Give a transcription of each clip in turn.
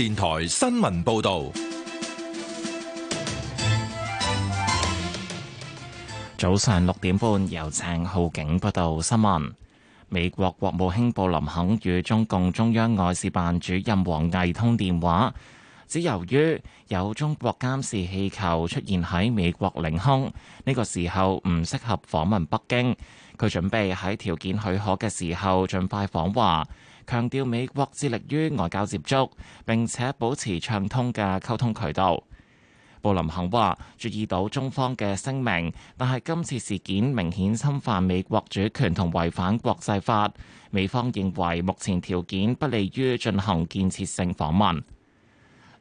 電台新聞報道，早上六點半由鄭浩景報道新聞。美國國務卿布林肯與中共中央外事辦主任王毅通電話，指由於有中國監視氣球出現喺美國領空，呢、這個時候唔適合訪問北京。佢準備喺條件許可嘅時候盡快訪華。強調美國致力於外交接觸，並且保持暢通嘅溝通渠道。布林肯話：注意到中方嘅聲明，但係今次事件明顯侵犯美國主權同違反國際法。美方認為目前條件不利於進行建設性訪問。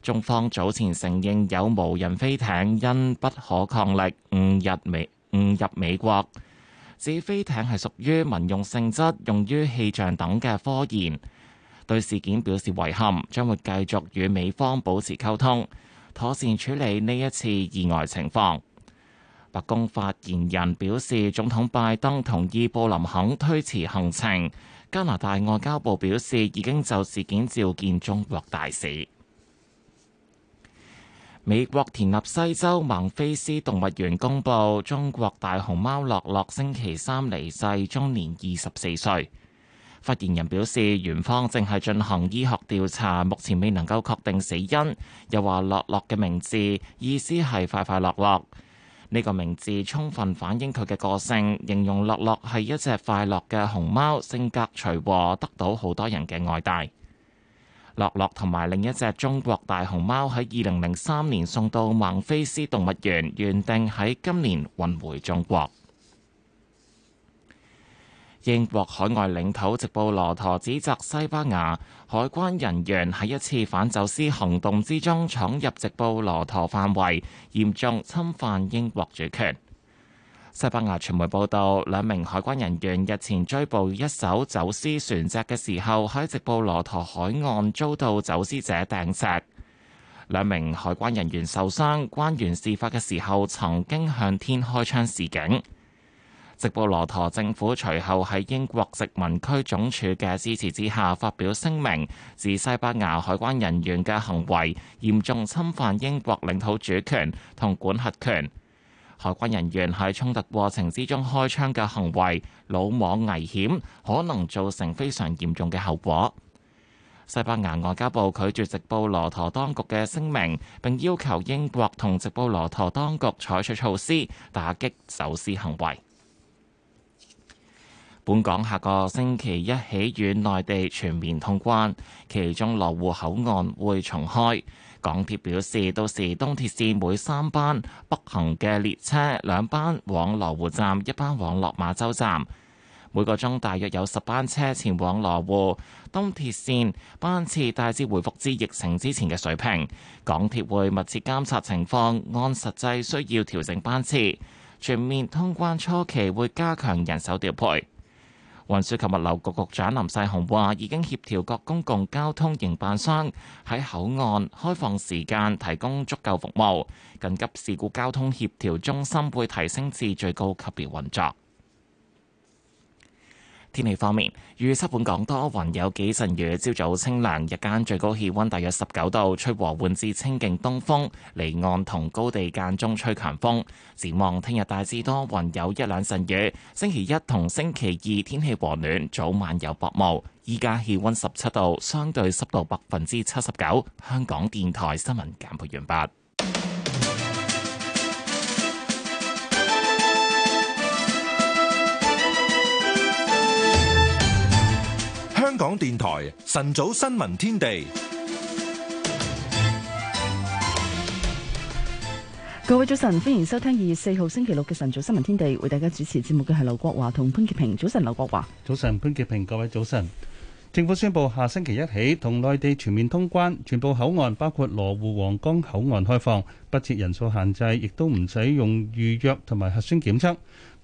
中方早前承認有無人飛艇因不可抗力誤入美誤入美國。指飛艇係屬於民用性質，用於氣象等嘅科研。對事件表示遺憾，將會繼續與美方保持溝通，妥善處理呢一次意外情況。白宮發言人表示，總統拜登同意布林肯推遲行程。加拿大外交部表示，已經就事件召見中國大使。美國田納西州孟菲斯動物園公布，中國大熊貓樂樂星期三離世，終年二十四歲。發言人表示，園方正係進行醫學調查，目前未能夠確定死因。又話樂樂嘅名字意思係快快樂樂，呢個名字充分反映佢嘅個性。形容樂樂係一隻快樂嘅熊貓，性格隨和，得到好多人嘅愛戴。樂樂同埋另一隻中國大熊貓喺二零零三年送到孟菲斯動物園，原定喺今年運回中國。英國海外領土直布羅陀指責西班牙海關人員喺一次反走私行動之中闖入直布羅陀範圍，嚴重侵犯英國主權。西班牙傳媒報道，兩名海關人員日前追捕一艘走私船隻嘅時候，喺直布羅陀海岸遭到走私者掟石，兩名海關人員受傷。關員事發嘅時候，曾經向天開槍示警。直布羅陀政府隨後喺英國殖民區總署嘅支持之下，發表聲明，指西班牙海關人員嘅行為嚴重侵犯英國領土主權同管轄權。海關人員喺衝突過程之中開槍嘅行為，魯莽危險，可能造成非常嚴重嘅後果。西班牙外交部拒絕直布羅陀當局嘅聲明，並要求英國同直布羅陀當局採取措施打擊走私行為。本港下個星期一起與內地全面通關，其中羅湖口岸會重開。港鐵表示，到時東鐵綫每三班北行嘅列車，兩班往羅湖站，一班往落馬洲站。每個鐘大約有十班車前往羅湖。東鐵綫班次大致回復至疫情之前嘅水平。港鐵會密切監察情況，按實際需要調整班次。全面通關初期會加強人手調配。運輸及物流局局長林世雄話，已經協調各公共交通營辦商喺口岸開放時間，提供足夠服務。緊急事故交通協調中心會提升至最高級別運作。天氣方面，預測本港多雲有幾陣雨，朝早清涼，日間最高氣溫大約十九度，吹和緩至清勁東風，離岸同高地間中吹強風。展望聽日大致多雲有一兩陣雨，星期一同星期二天氣和暖，早晚有薄霧。依家氣溫十七度，相對濕度百分之七十九。香港電台新聞簡報完畢。香港電台晨早新聞天地，各位早晨，歡迎收聽二月四號星期六嘅晨早新聞天地。為大家主持節目嘅係劉國華同潘潔平。早晨，劉國華。早晨，潘潔平。各位早晨。政府宣布下星期一起同內地全面通關，全部口岸包括羅湖、皇崗口岸開放，不設人數限制，亦都唔使用預約同埋核酸檢測。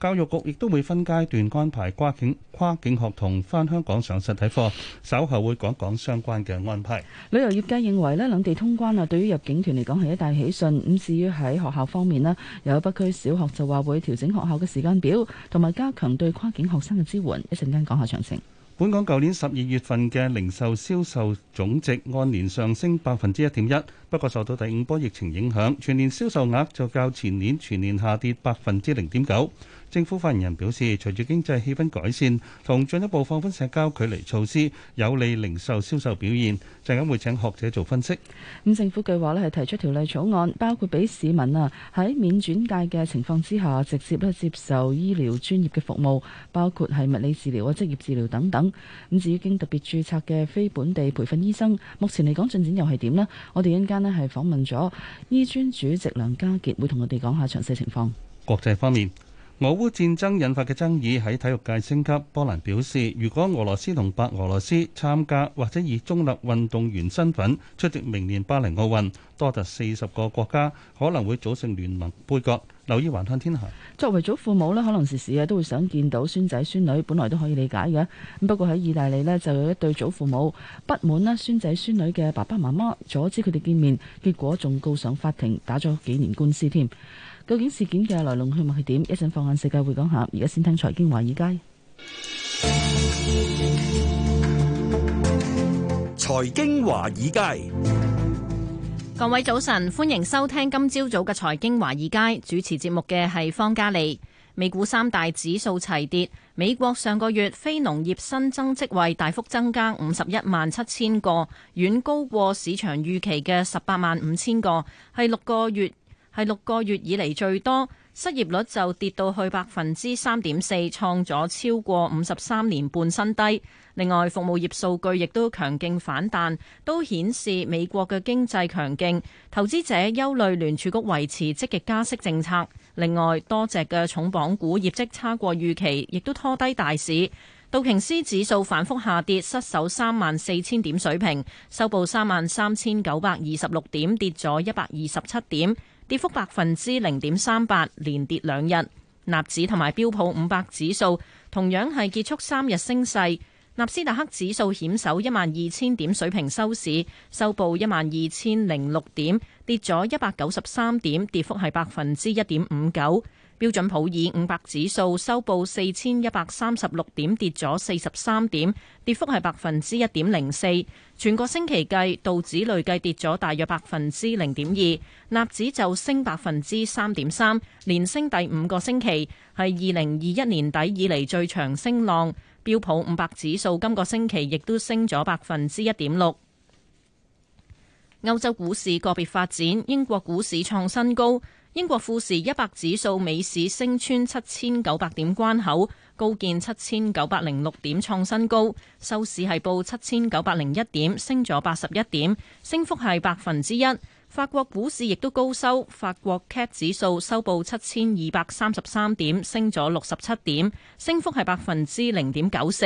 教育局亦都會分階段安排跨境跨境學童返香港上實體課，稍後會講講相關嘅安排。旅遊業界認為呢，兩地通關啊，對於入境團嚟講係一大喜訊。咁至於喺學校方面呢，有北區小學就話會調整學校嘅時間表，同埋加強對跨境學生嘅支援。講一陣間講下詳情。本港舊年十二月份嘅零售銷售總值按年上升百分之一點一，不過受到第五波疫情影響，全年銷售額就較前年全年下跌百分之零點九。政府發言人表示，隨住經濟氣氛改善，同進一步放寬社交距離措施，有利零售銷售表現。陣間會請學者做分析。咁政府計劃呢係提出條例草案，包括俾市民啊喺免轉介嘅情況之下，直接呢接受醫療專業嘅服務，包括係物理治療啊、職業治療等等。咁至於經特別註冊嘅非本地培訓醫生，目前嚟講進展又係點呢？我哋一陣間呢係訪問咗醫專主席梁家傑，會同我哋講下詳細情況。國際方面。俄烏戰爭引發嘅爭議喺體育界升級。波蘭表示，如果俄羅斯同白俄羅斯參加或者以中立運動員身份出席明年巴黎奧運，多達四十個國家可能會組成聯盟杯葛。留意環球天下。作為祖父母咧，可能時時都會想見到孫仔孫女，本來都可以理解嘅。不過喺意大利咧，就有一對祖父母不滿啦，孫仔孫女嘅爸爸媽媽阻止佢哋見面，結果仲告上法庭，打咗幾年官司添。究竟事件嘅來龍去脈係點？一陣放眼世界會講下。而家先聽財經華爾街。財經華爾街，華爾街。各位早晨，歡迎收聽今朝早嘅財經華爾街。主持節目嘅係方嘉利。美股三大指數齊跌。美國上個月非農業新增職位大幅增加五十一萬七千個，遠高過市場預期嘅十八萬五千個，係六個月。係六個月以嚟最多，失業率就跌到去百分之三點四，創咗超過五十三年半新低。另外，服務業數據亦都強勁反彈，都顯示美國嘅經濟強勁。投資者憂慮聯儲局維持積極加息政策。另外，多隻嘅重磅股業績差過預期，亦都拖低大市。道瓊斯指數反覆下跌，失守三萬四千點水平，收報三萬三千九百二十六點，跌咗一百二十七點。跌幅百分之零點三八，連跌兩日。納指同埋標普五百指數同樣係結束三日升勢，納斯達克指數險守一萬二千點水平收市，收報一萬二千零六點，跌咗一百九十三點，跌幅係百分之一點五九。標準普爾五百指數收報四千一百三十六點，跌咗四十三點，跌幅係百分之一點零四。全個星期計，道指累計跌咗大約百分之零點二，納指就升百分之三點三，連升第五個星期，係二零二一年底以嚟最長升浪。標普五百指數今個星期亦都升咗百分之一點六。歐洲股市個別發展，英國股市創新高。英國富時一百指數尾市升穿七千九百點關口，高見七千九百零六點創新高，收市係報七千九百零一點，升咗八十一點，升幅係百分之一。法國股市亦都高收，法國 Cat 指數收報七千二百三十三點，升咗六十七點，升幅係百分之零點九四。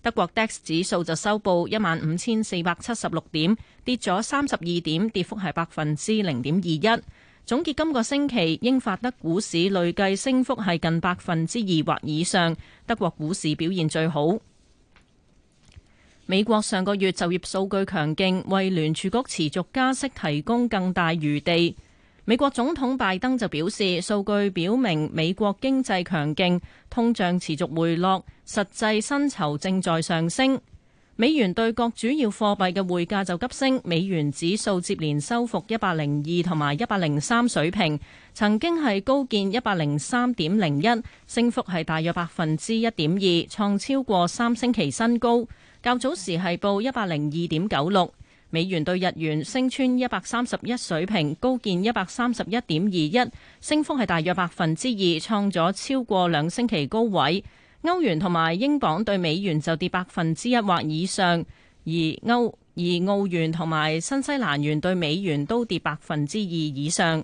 德國 DAX 指數就收報一萬五千四百七十六點，跌咗三十二點，跌幅係百分之零點二一。總結今個星期，英法德股市累計升幅係近百分之二或以上，德國股市表現最好。美國上個月就業數據強勁，為聯儲局持續加息提供更大餘地。美國總統拜登就表示，數據表明美國經濟強勁，通脹持續回落，實際薪酬正在上升。美元對各主要貨幣嘅匯價就急升，美元指數接連收復一百零二同埋一百零三水平，曾經係高見一百零三點零一，升幅係大約百分之一點二，創超過三星期新高。較早時係報一百零二點九六，美元對日元升穿一百三十一水平，高見一百三十一點二一，升幅係大約百分之二，創咗超過兩星期高位。歐元同埋英鎊對美元就跌百分之一或以上，而歐而澳元同埋新西蘭元對美元都跌百分之二以上。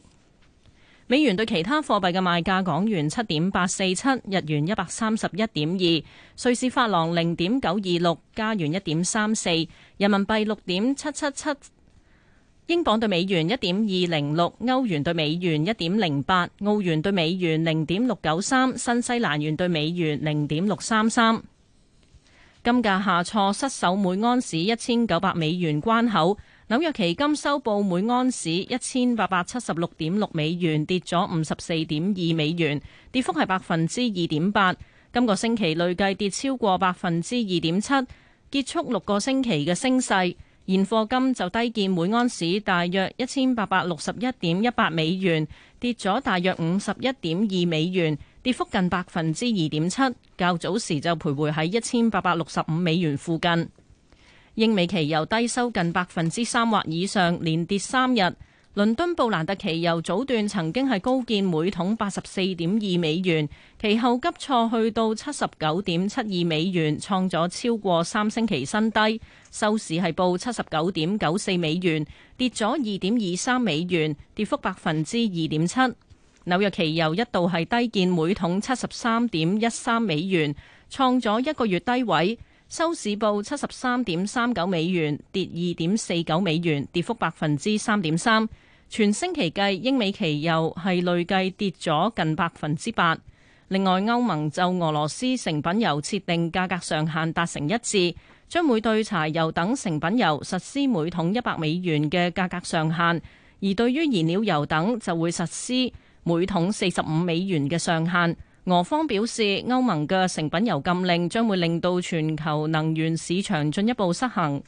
美元對其他貨幣嘅賣價：港元七點八四七，日元一百三十一點二，瑞士法郎零點九二六，加元一點三四，人民幣六點七七七。英鎊兌美元一點二零六，歐元兌美元一點零八，澳元兌美元零點六九三，新西蘭元兌美元零點六三三。金價下挫，失守每安士一千九百美元關口。紐約期金收報每安士一千八百七十六點六美元，跌咗五十四點二美元，跌幅係百分之二點八。今個星期累計跌超過百分之二點七，結束六個星期嘅升勢。現貨金就低見每盎司大約一千八百六十一點一八美元，跌咗大約五十一點二美元，跌幅近百分之二點七。較早時就徘徊喺一千八百六十五美元附近。英美期油低收近百分之三或以上，連跌三日。倫敦布蘭特期油早段曾經係高見每桶八十四點二美元，其後急挫，去到七十九點七二美元，創咗超過三星期新低，收市係報七十九點九四美元，跌咗二點二三美元，跌幅百分之二點七。紐約期油一度係低見每桶七十三點一三美元，創咗一個月低位。收市報七十三點三九美元，跌二點四九美元，跌幅百分之三點三。全星期計，英美期油係累計跌咗近百分之八。另外，歐盟就俄羅斯成品油設定價格上限達成一致，將每對柴油等成品油實施每桶一百美元嘅價格上限，而對於燃料油等就會實施每桶四十五美元嘅上限。俄方表示，歐盟嘅成品油禁令將會令到全球能源市場進一步失衡。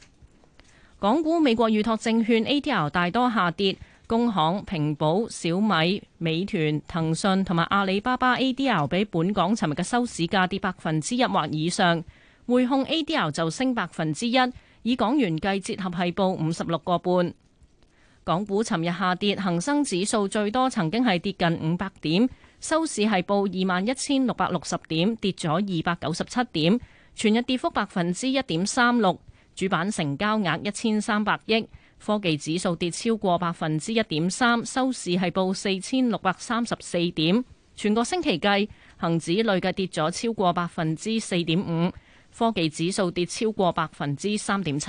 港股美國預託證券 ADR 大多下跌，工行、平保、小米、美團、騰訊同埋阿里巴巴 ADR 比本港尋日嘅收市價跌百分之一或以上，匯控 ADR 就升百分之一，以港元計折合係報五十六個半。港股尋日下跌，恒生指數最多曾經係跌近五百點。收市係報二萬一千六百六十點，跌咗二百九十七點，全日跌幅百分之一點三六。主板成交額一千三百億，科技指數跌超過百分之一點三，收市係報四千六百三十四點。全個星期計，恒指累計跌咗超過百分之四點五，科技指數跌超過百分之三點七。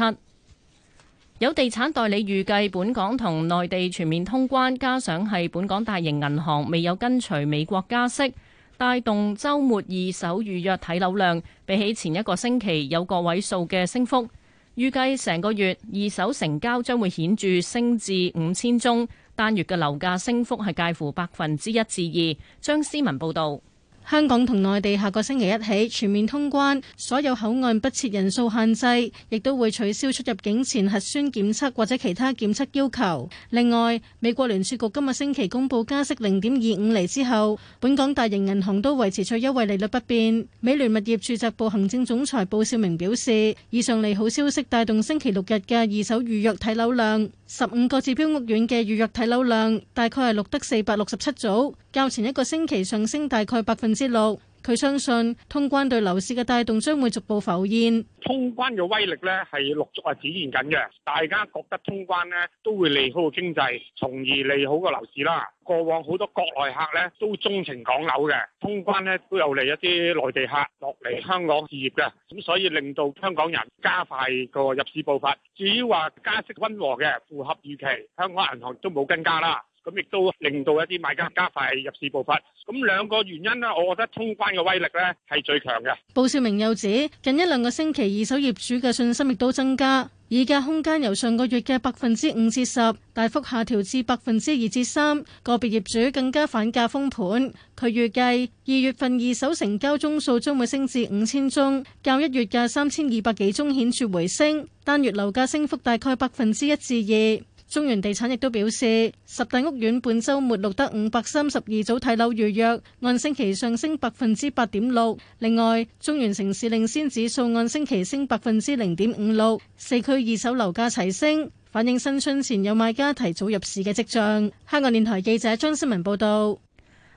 有地產代理預計，本港同內地全面通關，加上係本港大型銀行未有跟隨美國加息，帶動週末二手預約睇樓量，比起前一個星期有個位數嘅升幅。預計成個月二手成交將會顯著升至五千宗，單月嘅樓價升幅係介乎百分之一至二。張思文報導。香港同內地下個星期一起全面通關，所有口岸不設人數限制，亦都會取消出入境前核酸檢測或者其他檢測要求。另外，美國聯儲局今個星期公布加息零點二五厘之後，本港大型銀行都維持最優惠利率不變。美聯物業住宅部行政總裁布少明表示，以上利好消息帶動星期六日嘅二手預約睇樓量。十五個指標屋苑嘅預約睇樓量大概係錄得四百六十七組，較前一個星期上升大概百分之六。佢相信通關對樓市嘅帶動將會逐步浮現，通關嘅威力咧係陸續係展現緊嘅。大家覺得通關咧都會利好經濟，從而利好個樓市啦。過往好多國內客咧都鍾情港樓嘅，通關咧都有嚟一啲內地客落嚟香港置業嘅，咁所以令到香港人加快個入市步伐。至於話加息溫和嘅，符合預期，香港銀行都冇跟加啦。咁亦都令到一啲買家加快入市步伐。咁兩個原因咧，我覺得通關嘅威力咧係最強嘅。布少明又指，近一兩個星期二手業主嘅信心亦都增加，議價空間由上個月嘅百分之五至十大幅下調至百分之二至三。個別業主更加反價封盤。佢預計二月份二手成交宗數將會升至五千宗，較一月嘅三千二百幾宗顯著回升。單月樓價升幅大概百分之一至二。中原地產亦都表示，十大屋苑本週末錄得五百三十二組睇樓預約，按星期上升百分之八點六。另外，中原城市領先指數按星期升百分之零點五六，四區二手樓價齊升，反映新春前有買家提早入市嘅跡象。香港電台記者張思文報道。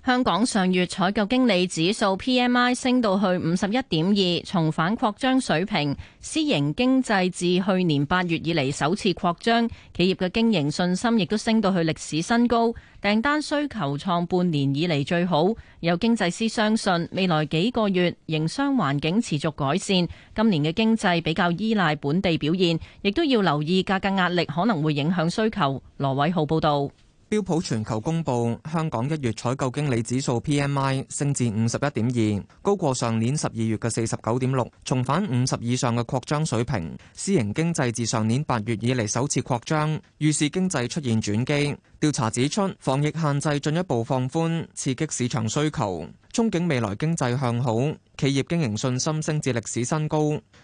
香港上月採購經理指數 PMI 升到去五十一點二，重返擴張水平。私營經濟自去年八月以嚟首次擴張，企業嘅經營信心亦都升到去歷史新高，訂單需求創半年以嚟最好。有經濟師相信，未來幾個月營商環境持續改善。今年嘅經濟比較依賴本地表現，亦都要留意價格壓力可能會影響需求。羅偉浩報導。標普全球公布，香港一月採購經理指數 PMI 升至五十一點二，高過上年十二月嘅四十九點六，重返五十以上嘅擴張水平。私營經濟自上年八月以嚟首次擴張，預示經濟出現轉機。調查指出，防疫限制進一步放寬，刺激市場需求。憧憬未來經濟向好，企業經營信心升至歷史新高。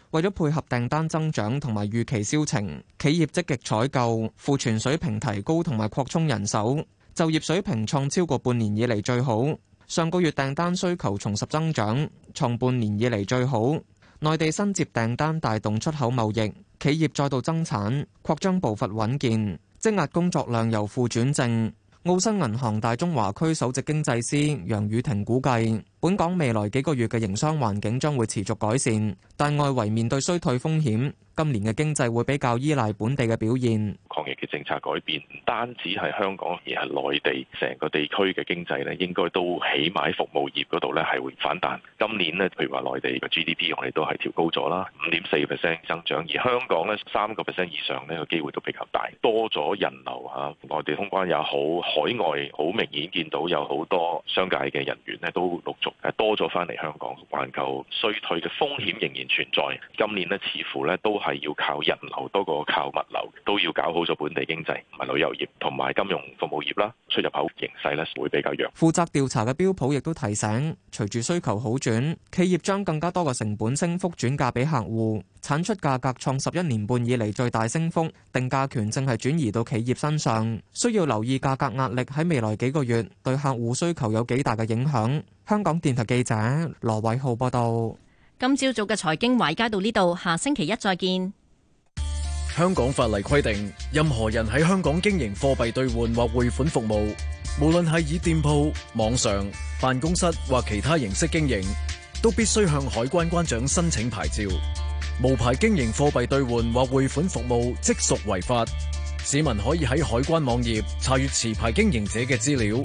為咗配合訂單增長同埋預期銷情，企業積極採購、庫存水平提高同埋擴充人手，就業水平創超過半年以嚟最好。上個月訂單需求重拾增長，創半年以嚟最好。內地新接訂單帶動出口貿易，企業再度增產、擴張步伐穩健，積壓工作量由負轉正。澳新銀行大中華區首席經濟師楊雨婷估計，本港未來幾個月嘅營商環境將會持續改善，但外圍面對衰退風險，今年嘅經濟會比較依賴本地嘅表現。抗疫嘅政策改變唔單止係香港，而係內地成個地區嘅經濟咧，應該都起碼喺服務業嗰度咧係會反彈。今年咧，譬如話內地嘅 GDP 我哋都係調高咗啦，五點四 percent 增長，而香港呢三個 percent 以上呢個機會都比較大，多咗人流吓，內地通關也好，海外好明顯見到有好多商界嘅人員呢都陸續。多咗返嚟香港，環球衰退嘅風險仍然存在。今年咧，似乎咧都係要靠人流多過靠物流，都要搞好咗本地經濟同埋旅遊業，同埋金融服務業啦。出入口形勢咧會比較弱。負責調查嘅標普亦都提醒，隨住需求好轉，企業將更加多嘅成本升幅轉嫁俾客戶，產出價格創十一年半以嚟最大升幅，定價權正係轉移到企業身上，需要留意價格壓力喺未來幾個月對客戶需求有幾大嘅影響。香港電台記者羅偉浩報道：今朝早嘅財經委街到呢度，下星期一再見。香港法例規定，任何人喺香港經營貨幣兌換或匯款服務，無論係以店鋪、網上、辦公室或其他形式經營，都必須向海關關長申請牌照。無牌經營貨幣兌換或匯款服務即屬違法。市民可以喺海關網頁查閱持牌經營者嘅資料。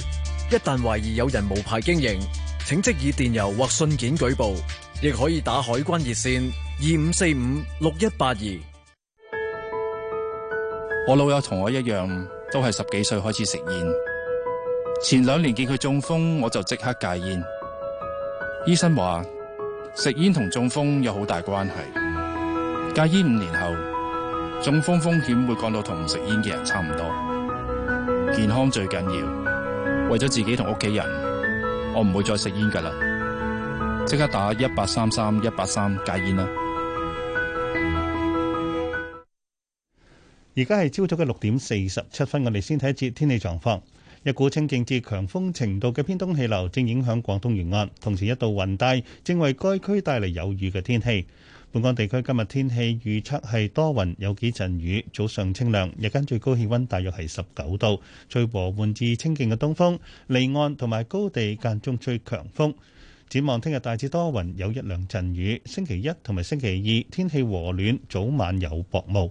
一旦懷疑有人無牌經營，請即以電郵或信件舉報，亦可以打海關熱線二五四五六一八二。我老友同我一樣，都係十幾歲開始食煙。前兩年見佢中風，我就即刻戒煙。醫生話食煙同中風有好大關係。戒煙五年後，中風風險會降到同唔食煙嘅人差唔多。健康最緊要，為咗自己同屋企人。我唔會再食煙噶啦，即刻打一八三三一八三戒煙啦。而家係朝早嘅六點四十七分，我哋先睇一節天氣狀況。一股清勁至強風程度嘅偏東氣流正影響廣東沿岸，同時一道雲帶正為該區帶嚟有雨嘅天氣。本港地區今日天氣預測係多雲，有幾陣雨，早上清涼，日間最高氣温大約係十九度，最和緩至清勁嘅東風，離岸同埋高地間中吹強風。展望聽日大致多雲，有一兩陣雨。星期一同埋星期二天氣和暖，早晚有薄霧。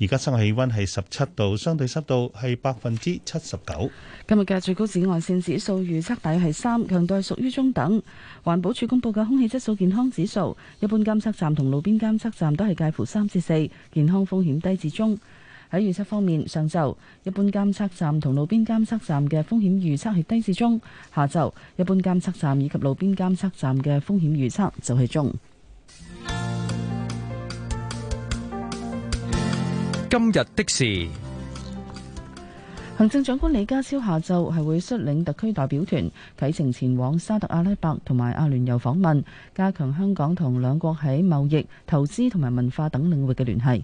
而家室外氣温係十七度，相對濕度係百分之七十九。今日嘅最高紫外線指數預測大約係三，強度屬於中等。環保署公布嘅空氣質素健康指數，一般監測站同路邊監測站都係介乎三至四，健康風險低至中。喺預測方面，上晝一般監測站同路邊監測站嘅風險預測係低至中，下晝一般監測站以及路邊監測站嘅風險預測就係中。今日的事，行政長官李家超下晝係會率領特區代表團啟程前往沙特阿拉伯同埋阿聯酋訪問，加強香港同兩國喺貿易、投資同埋文化等領域嘅聯繫。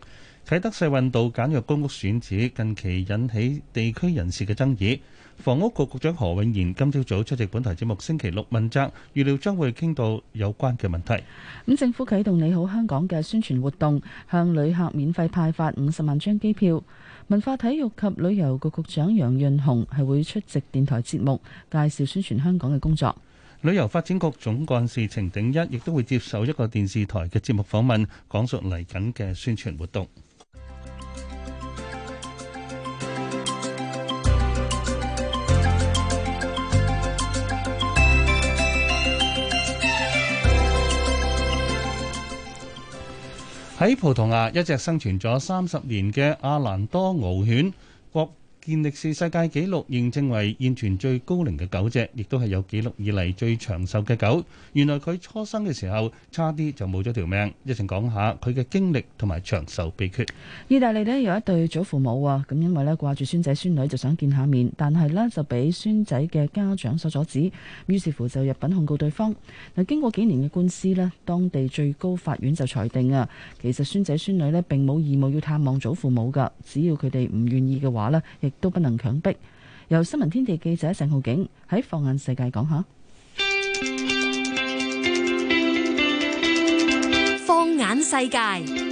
啟德世運道簡約公屋選址，近期引起地區人士嘅爭議。房屋局局長何永賢今朝早出席本台節目星期六問責，預料將會傾到有關嘅問題。政府啟動你好香港嘅宣傳活動，向旅客免費派發五十萬張機票。文化體育及旅遊局局長楊潤雄係會出席電台節目，介紹宣傳香港嘅工作。旅遊發展局總幹事程鼎一亦都會接受一個電視台嘅節目訪問，講述嚟緊嘅宣傳活動。喺葡萄牙，一隻生存咗三十年嘅阿蘭多獒犬國健力士世界紀錄，認證為現存最高齡嘅狗隻，亦都係有記錄以嚟最長壽嘅狗。原來佢初生嘅時候差啲就冇咗條命，一陣講下佢嘅經歷同埋長壽秘訣。意大利咧，有一對祖父母啊，咁因為咧掛住孫仔孫女就想見下面，但係呢就俾孫仔嘅家長所阻止，於是乎就入禀控告對方。嗱，經過幾年嘅官司咧，當地最高法院就裁定啊，其實孫仔孫女呢並冇義務要探望祖父母㗎，只要佢哋唔願意嘅話呢，亦都不能強迫。由新聞天地記者鄭浩景喺放眼世界講下。放眼世界，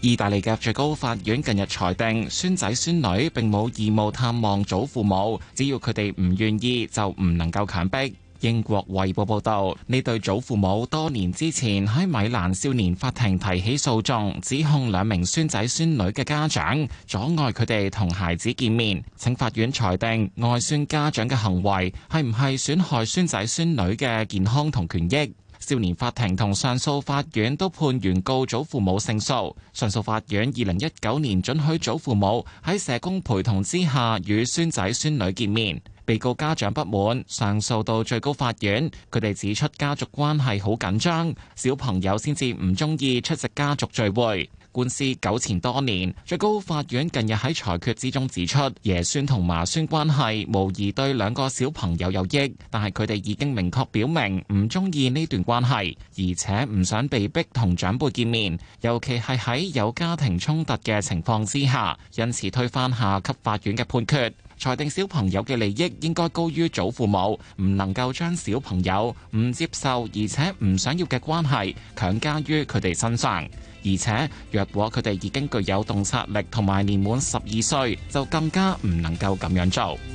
意大利嘅最高法院近日裁定，孫仔孫女並冇義務探望祖父母，只要佢哋唔願意，就唔能夠強迫。英國衛報報道，呢對祖父母多年之前喺米蘭少年法庭提起訴訟，指控兩名孫仔孫女嘅家長阻礙佢哋同孩子見面，請法院裁定外孫家長嘅行為係唔係損害孫仔孫女嘅健康同權益。少年法庭同上訴法院都判原告祖父母勝訴。上訴法院二零一九年准許祖父母喺社工陪同之下與孫仔孫女見面。被告家長不滿，上訴到最高法院。佢哋指出家族關係好緊張，小朋友先至唔鍾意出席家族聚會。官司糾纏多年，最高法院近日喺裁決之中指出，爺孫同麻孫關係無疑對兩個小朋友有益，但係佢哋已經明確表明唔中意呢段關係，而且唔想被逼同長輩見面，尤其係喺有家庭衝突嘅情況之下，因此推翻下級法院嘅判決，裁定小朋友嘅利益應該高於祖父母，唔能夠將小朋友唔接受而且唔想要嘅關係強加於佢哋身上。而且，若果佢哋已經具有洞察力，同埋年滿十二歲，就更加唔能夠咁樣做。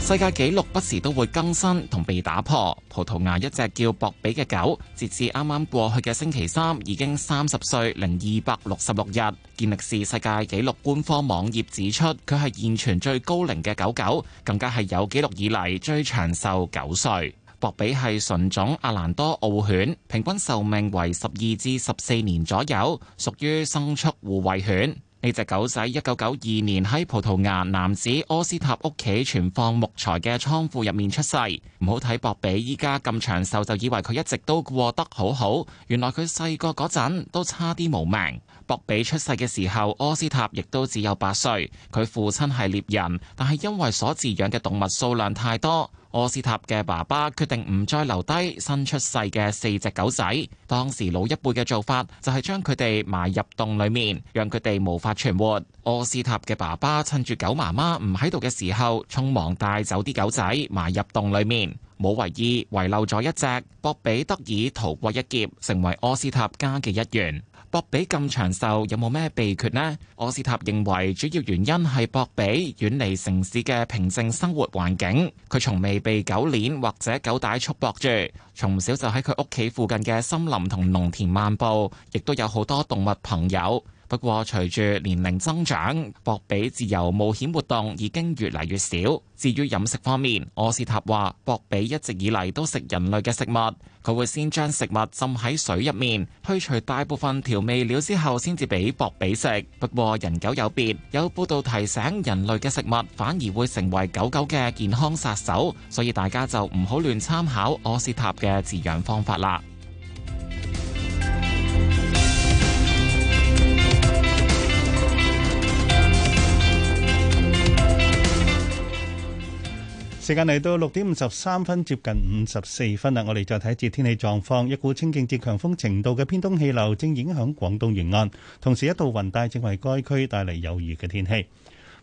世界紀錄不時都會更新同被打破。葡萄牙一隻叫博比嘅狗，截至啱啱過去嘅星期三，已經三十歲零二百六十六日。健力士世界紀錄官方網頁指出，佢係現存最高齡嘅狗狗，更加係有紀錄以嚟最長壽九歲。博比係純種阿蘭多獒犬，平均壽命為十二至十四年左右，屬於牲畜護衛犬。呢隻狗仔一九九二年喺葡萄牙男子柯斯塔屋企存放木材嘅倉庫入面出世。唔好睇博比依家咁長壽就以為佢一直都過得好好，原來佢細個嗰陣都差啲冇命。博比出世嘅時候，柯斯塔亦都只有八歲，佢父親係獵人，但係因為所飼養嘅動物數量太多。柯斯塔嘅爸爸決定唔再留低新出世嘅四隻狗仔。當時老一輩嘅做法就係將佢哋埋入洞裏面，讓佢哋無法存活。柯斯塔嘅爸爸趁住狗媽媽唔喺度嘅時候，匆忙帶走啲狗仔埋入洞裏面，冇為意遺漏咗一隻博比，得以逃過一劫，成為柯斯塔家嘅一員。博比咁長壽有冇咩秘訣呢？奧斯塔認為主要原因係博比遠離城市嘅平靜生活環境，佢從未被狗鏈或者狗帶束縛住，從小就喺佢屋企附近嘅森林同農田漫步，亦都有好多動物朋友。不過，隨住年齡增長，博比自由冒險活動已經越嚟越少。至於飲食方面，柯斯塔話：博比一直以嚟都食人類嘅食物，佢會先將食物浸喺水入面，去除大部分調味料之後，先至俾博比食。不過人狗有別，有報道提醒人類嘅食物反而會成為狗狗嘅健康殺手，所以大家就唔好亂參考柯斯塔嘅飼養方法啦。時間嚟到六點五十三分，接近五十四分啦。我哋再睇一節天氣狀況。一股清勁至強風程度嘅偏東氣流正影響廣東沿岸，同時一道雲帶正為該區帶嚟有雨嘅天氣。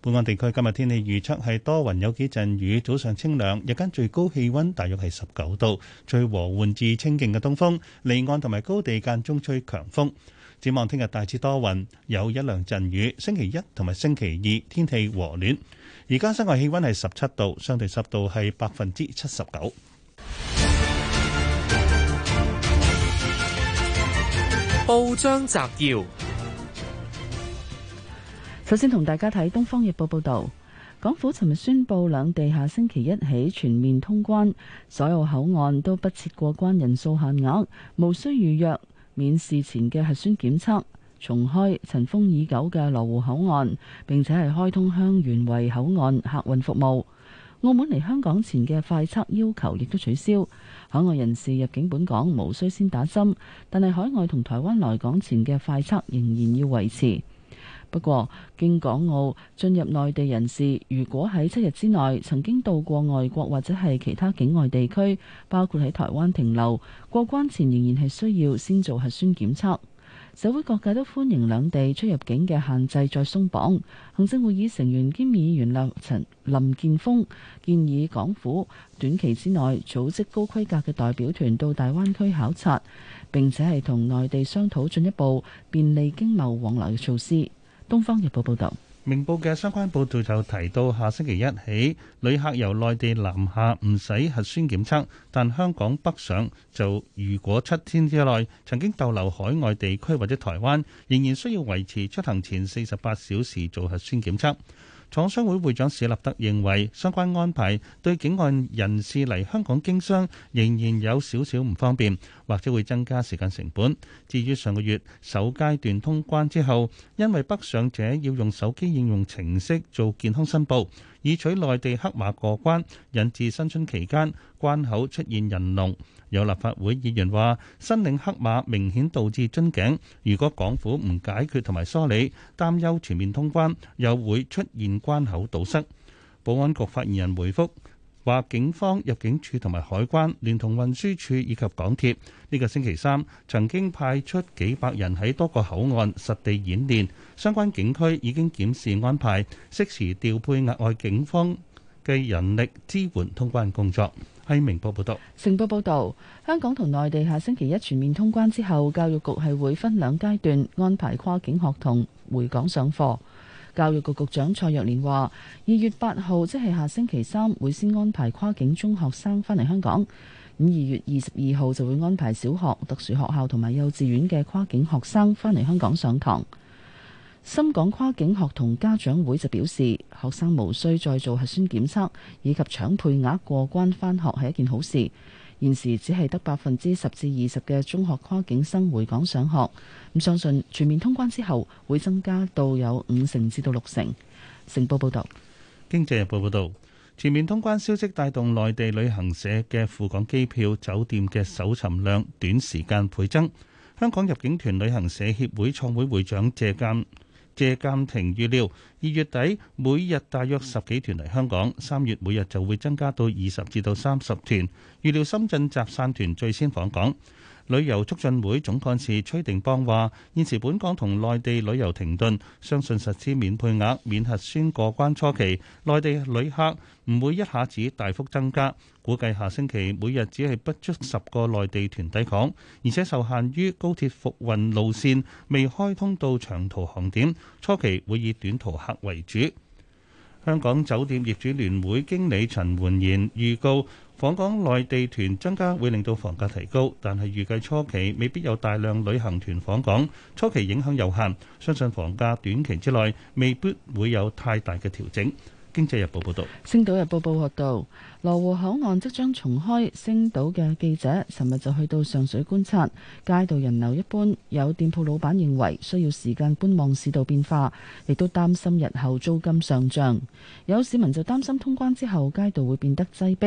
本港地區今日天氣預測係多雲有幾陣雨，早上清涼，日間最高氣溫大約係十九度，吹和緩至清勁嘅東風，離岸同埋高地間中吹強風。展望聽日大致多雲，有一兩陣雨。星期一同埋星期二天氣和暖。而家室外氣溫係十七度，相對濕度係百分之七十九。報章摘要：首先同大家睇《東方日報》報導，港府尋日宣布兩地下星期一起全面通關，所有口岸都不設過關人數限額，無需預約，免事前嘅核酸檢測。重開塵封已久嘅羅湖口岸，並且係開通香園圍口岸客運服務。澳門嚟香港前嘅快測要求亦都取消，海外人士入境本港無需先打針，但係海外同台灣來港前嘅快測仍然要維持。不過，經港澳進入內地人士，如果喺七日之內曾經到過外國或者係其他境外地區，包括喺台灣停留，過關前仍然係需要先做核酸檢測。社會各界都歡迎兩地出入境嘅限制再鬆綁。行政會議成員兼議員林陳林健鋒建議港府短期之內組織高規格嘅代表團到大灣區考察，並且係同內地商討進一步便利經貿往來嘅措施。《東方日報》報道。明報嘅相關報導就提到，下星期一起，旅客由內地南下唔使核酸檢測，但香港北上，就如果七天之內曾經逗留海外地區或者台灣，仍然需要維持出行前四十八小時做核酸檢測。廠商會會長史立德認為，相關安排對境外人士嚟香港經商仍然有少少唔方便。或者會增加時間成本。至於上個月首階段通關之後，因為北上者要用手機應用程式做健康申報，以取內地黑馬過關，引致新春期間關口出現人龍。有立法會議員話：申領黑馬明顯導致樽頸，如果港府唔解決同埋梳理，擔憂全面通關又會出現關口堵塞。保安局發言人回覆，話警方入境處同埋海關聯同運輸處以及港鐵，呢、這個星期三曾經派出幾百人喺多個口岸實地演練，相關警區已經檢視安排，適時調配額外警方嘅人力支援通關工作。係明報報道，成報報道，香港同內地下星期一全面通關之後，教育局係會分兩階段安排跨境學童回港上課。教育局局長蔡若蓮話：二月八號即係下星期三會先安排跨境中學生返嚟香港，咁二月二十二號就會安排小學、特殊學校同埋幼稚園嘅跨境學生返嚟香港上堂。深港跨境學童家長會就表示，學生無需再做核酸檢測以及搶配額過關返學係一件好事。現時只係得百分之十至二十嘅中學跨境生回港上學，咁相信全面通關之後會增加到有五成至到六成。成報報道，經濟日報報道，全面通關消息帶動內地旅行社嘅赴港機票、酒店嘅搜尋量短時間倍增。香港入境團旅行社協會創會會長謝淦。謝鑑庭預料，二月底每日大約十幾團嚟香港，三月每日就會增加到二十至到三十團。預料深圳集散團最先訪港。旅遊促進會總幹事崔定邦話：現時本港同內地旅遊停頓，相信實施免配額、免核酸過關初期，內地旅客唔會一下子大幅增加。估計下星期每日只係不足十個內地團抵港，而且受限於高鐵復運路線未開通到長途航點，初期會以短途客為主。香港酒店業主聯會經理陳煥然預告，訪港內地團增加會令到房價提高，但係預計初期未必有大量旅行團訪港，初期影響有限，相信房價短期之內未必會有太大嘅調整。經濟日報報道，星島日報報道，羅湖口岸即將重開，星島嘅記者尋日就去到上水觀察街道人流一般，有店鋪老闆認為需要時間觀望市道變化，亦都擔心日後租金上漲。有市民就擔心通關之後街道會變得擠逼，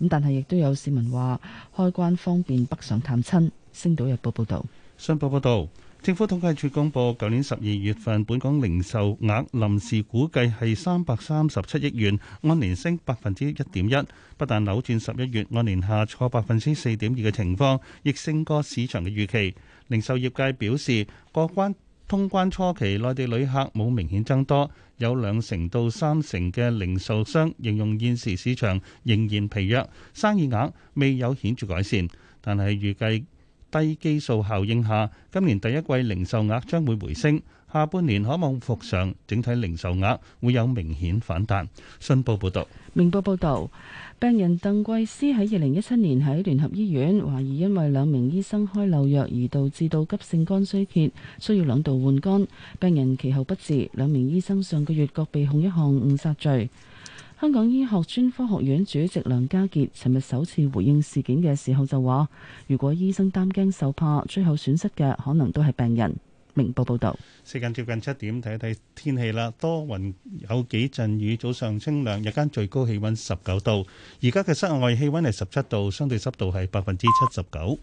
咁但係亦都有市民話開關方便北上探親。星島日報報道，商報報道。政府統計處公佈，舊年十二月份本港零售額臨時估計係三百三十七億元，按年升百分之一點一，不但扭轉十一月按年下挫百分之四點二嘅情況，亦勝過市場嘅預期。零售業界表示，過關通關初期，內地旅客冇明顯增多，有兩成到三成嘅零售商形容現時市場仍然疲弱，生意額未有顯著改善，但係預計，低基數效應下，今年第一季零售額將會回升，下半年可望復常，整體零售額會有明顯反彈。信報報道，明報報道，病人鄧桂思喺二零一七年喺聯合醫院懷疑因為兩名醫生開漏藥而導致到急性肝衰竭，需要兩度換肝。病人其後不治，兩名醫生上個月各被控一項誤殺罪。香港醫學專科學院主席梁家杰尋日首次回應事件嘅時候就話，如果醫生擔驚受怕，最後損失嘅可能都係病人。明報報道。時間接近七點，睇睇天氣啦。多雲，有幾陣雨。早上清涼，日間最高氣溫十九度。而家嘅室外氣溫係十七度，相對濕度係百分之七十九。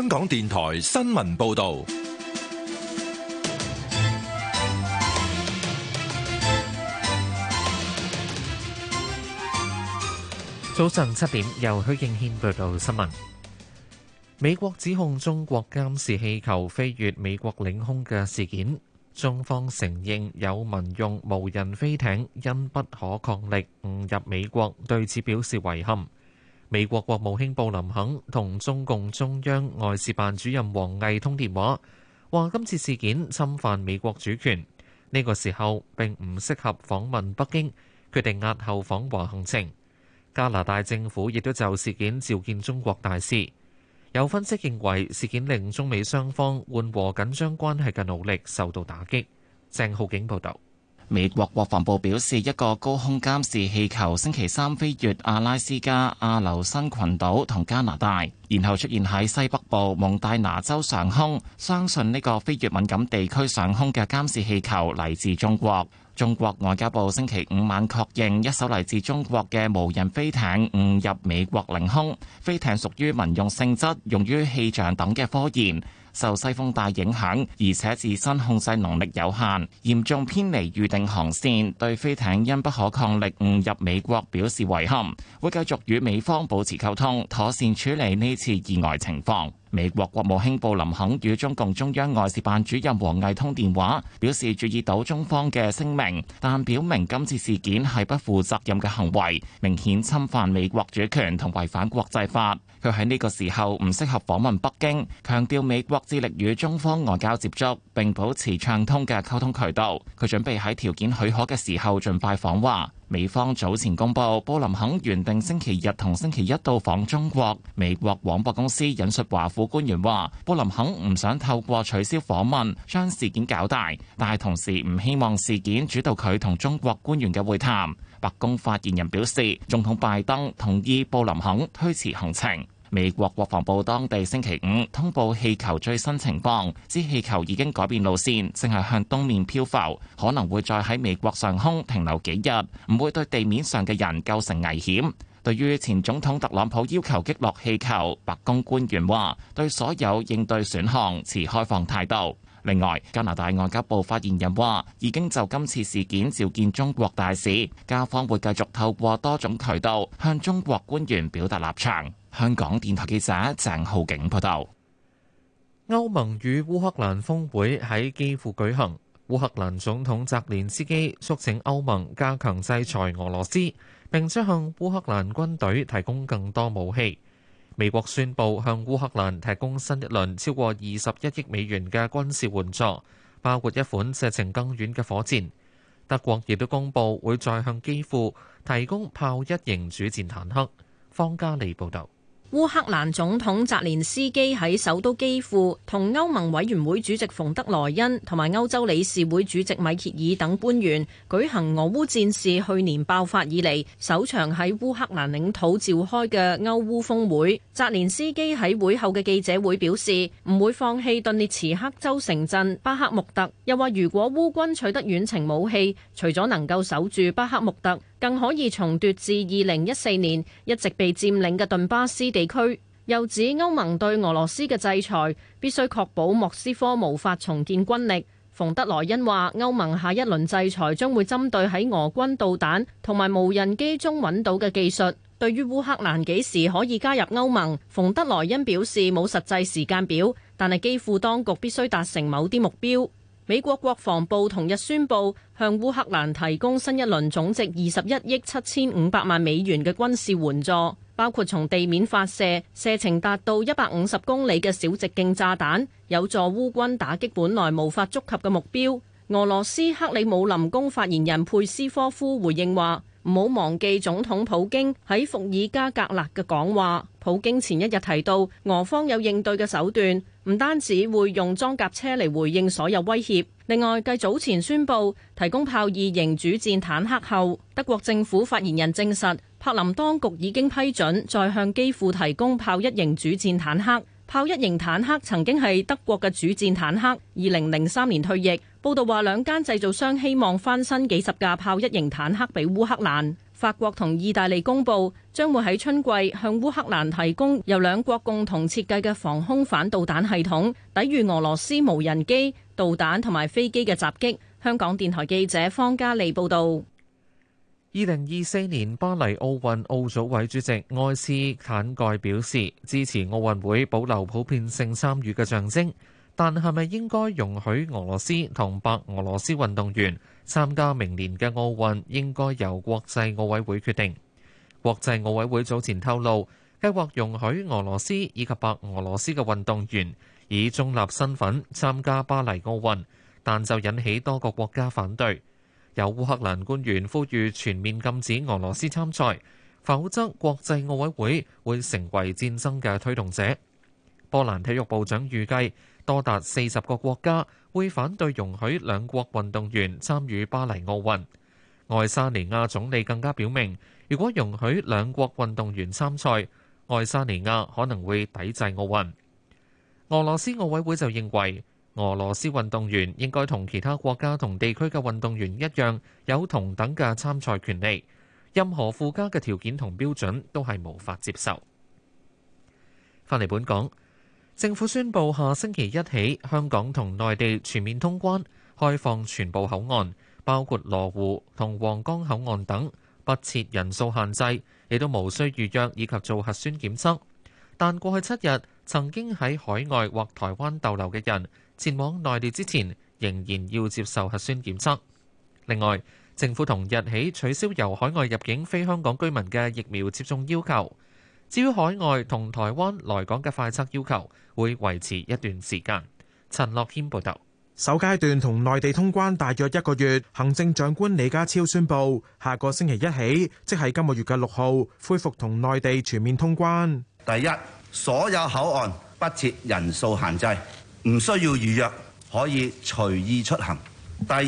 香港電台新聞報道，早上七點，由許敬軒報道新聞。美國指控中國監視氣球飛越美國領空嘅事件，中方承認有民用無人飛艇因不可抗力誤入美國，對此表示遺憾。美國國務卿布林肯同中共中央外事辦主任王毅通電話，話今次事件侵犯美國主權，呢個時候並唔適合訪問北京，決定押後訪華行程。加拿大政府亦都就事件召見中國大使。有分析認為，事件令中美雙方緩和緊張關係嘅努力受到打擊。鄭浩景報導。美國國防部表示，一個高空監視氣球星期三飛越阿拉斯加阿留申群島同加拿大，然後出現喺西北部蒙大拿州上空。相信呢個飛越敏感地區上空嘅監視氣球嚟自中國。中國外交部星期五晚確認，一艘嚟自中國嘅無人飛艇誤入美國領空。飛艇屬於民用性質，用於氣象等嘅科研。受西風帶影響，而且自身控制能力有限，嚴重偏離預定航線，對飛艇因不可抗力誤入美國表示遺憾，會繼續與美方保持溝通，妥善處理呢次意外情況。美國國務卿布林肯與中共中央外事辦主任王毅通電話，表示注意到中方嘅聲明，但表明今次事件係不負責任嘅行為，明顯侵犯美國主權同違反國際法。佢喺呢個時候唔適合訪問北京，強調美國致力與中方外交接觸，並保持暢通嘅溝通渠道。佢準備喺條件許可嘅時候盡快訪華。美方早前公布，布林肯原定星期日同星期一到訪中國。美國廣播公司引述華府官員話，布林肯唔想透過取消訪問將事件搞大，但係同時唔希望事件主導佢同中國官員嘅會談，白宮發言人表示，總統拜登同意布林肯推遲行程。美國國防部當地星期五通報氣球最新情況，指氣球已經改變路線，正係向東面漂浮，可能會再喺美國上空停留幾日，唔會對地面上嘅人構成危險。對於前總統特朗普要求擊落氣球，白宮官員話對所有應對選項持開放態度。另外，加拿大外交部發言人話已經就今次事件召見中國大使，加方會繼續透過多種渠道向中國官員表達立場。香港電台記者鄭浩景報道：歐盟與烏克蘭峰會喺基輔舉行。烏克蘭總統澤連斯基促請歐盟加強制裁俄羅斯，並將向烏克蘭軍隊提供更多武器。美國宣佈向烏克蘭提供新一輪超過二十一億美元嘅軍事援助，包括一款射程更遠嘅火箭。德國亦都公佈會再向基輔提供豹一型主戰坦克。方加利報道。烏克蘭總統澤連斯基喺首都基輔同歐盟委員會主席馮德萊恩同埋歐洲理事會主席米歇爾等官員舉行俄烏戰事去年爆發以嚟首場喺烏克蘭領土召開嘅歐烏峰會。澤連斯基喺會後嘅記者會表示唔會放棄頓涅茨克州城鎮巴克穆特，又話如果烏軍取得遠程武器，除咗能夠守住巴克穆特。更可以重奪至二零一四年一直被佔領嘅頓巴斯地區。又指歐盟對俄羅斯嘅制裁必須確保莫斯科無法重建軍力。馮德萊恩話：歐盟下一輪制裁將會針對喺俄軍導彈同埋無人機中揾到嘅技術。對於烏克蘭幾時可以加入歐盟，馮德萊恩表示冇實際時間表，但係基輔當局必須達成某啲目標。美國國防部同日宣布，向烏克蘭提供新一輪總值二十一億七千五百萬美元嘅軍事援助，包括從地面發射射程達到一百五十公里嘅小直徑炸彈，有助烏軍打擊本來無法觸及嘅目標。俄羅斯克里姆林宮發言人佩斯科夫回應話：唔好忘記總統普京喺伏爾加格勒嘅講話。普京前一日提到，俄方有應對嘅手段。唔單止會用裝甲車嚟，回應所有威脅。另外繼早前宣布提供豹二型主戰坦克後，德國政府發言人證實柏林當局已經批准再向基輔提供豹一型主戰坦克。豹一型坦克曾經係德國嘅主戰坦克，二零零三年退役。報道話，兩間製造商希望翻新幾十架豹一型坦克俾烏克蘭。法國同意大利公布，將會喺春季向烏克蘭提供由兩國共同設計嘅防空反導彈系統，抵御俄羅斯無人機、導彈同埋飛機嘅襲擊。香港電台記者方嘉莉報道。二零二四年巴黎奧運奧組委主席埃斯坦蓋表示，支持奧運會保留普遍性參與嘅象徵，但係咪應該容許俄羅斯同白俄羅斯運動員參加明年嘅奧運應該由國際奧委會決定。國際奧委會早前透露，計劃容許俄羅斯以及白俄羅斯嘅運動員以中立身份參加巴黎奧運，但就引起多個國家反對。有烏克蘭官員呼籲全面禁止俄羅斯參賽，否則國際奧委會會成為戰爭嘅推動者。波蘭體育部長預計多達四十個國家會反對容許兩國運動員參與巴黎奧運。愛沙尼亞總理更加表明，如果容許兩國運動員參賽，愛沙尼亞可能會抵制奧運。俄羅斯奧委會就認為，俄羅斯運動員應該同其他國家同地區嘅運動員一樣，有同等嘅參賽權利。任何附加嘅條件同標準都係無法接受。翻嚟本港。政府宣布，下星期一起，香港同內地全面通關，開放全部口岸，包括羅湖同皇崗口岸等，不設人數限制，亦都無需預約以及做核酸檢測。但過去七日曾經喺海外或台灣逗留嘅人，前往內地之前，仍然要接受核酸檢測。另外，政府同日起取消由海外入境非香港居民嘅疫苗接種要求。至於海外同台灣來港嘅快測要求，會維持一段時間。陳樂軒報導，首階段同內地通關大約一個月。行政長官李家超宣布，下個星期一起，即係今個月嘅六號，恢復同內地全面通關。第一，所有口岸不設人數限制，唔需要預約，可以隨意出行。第二，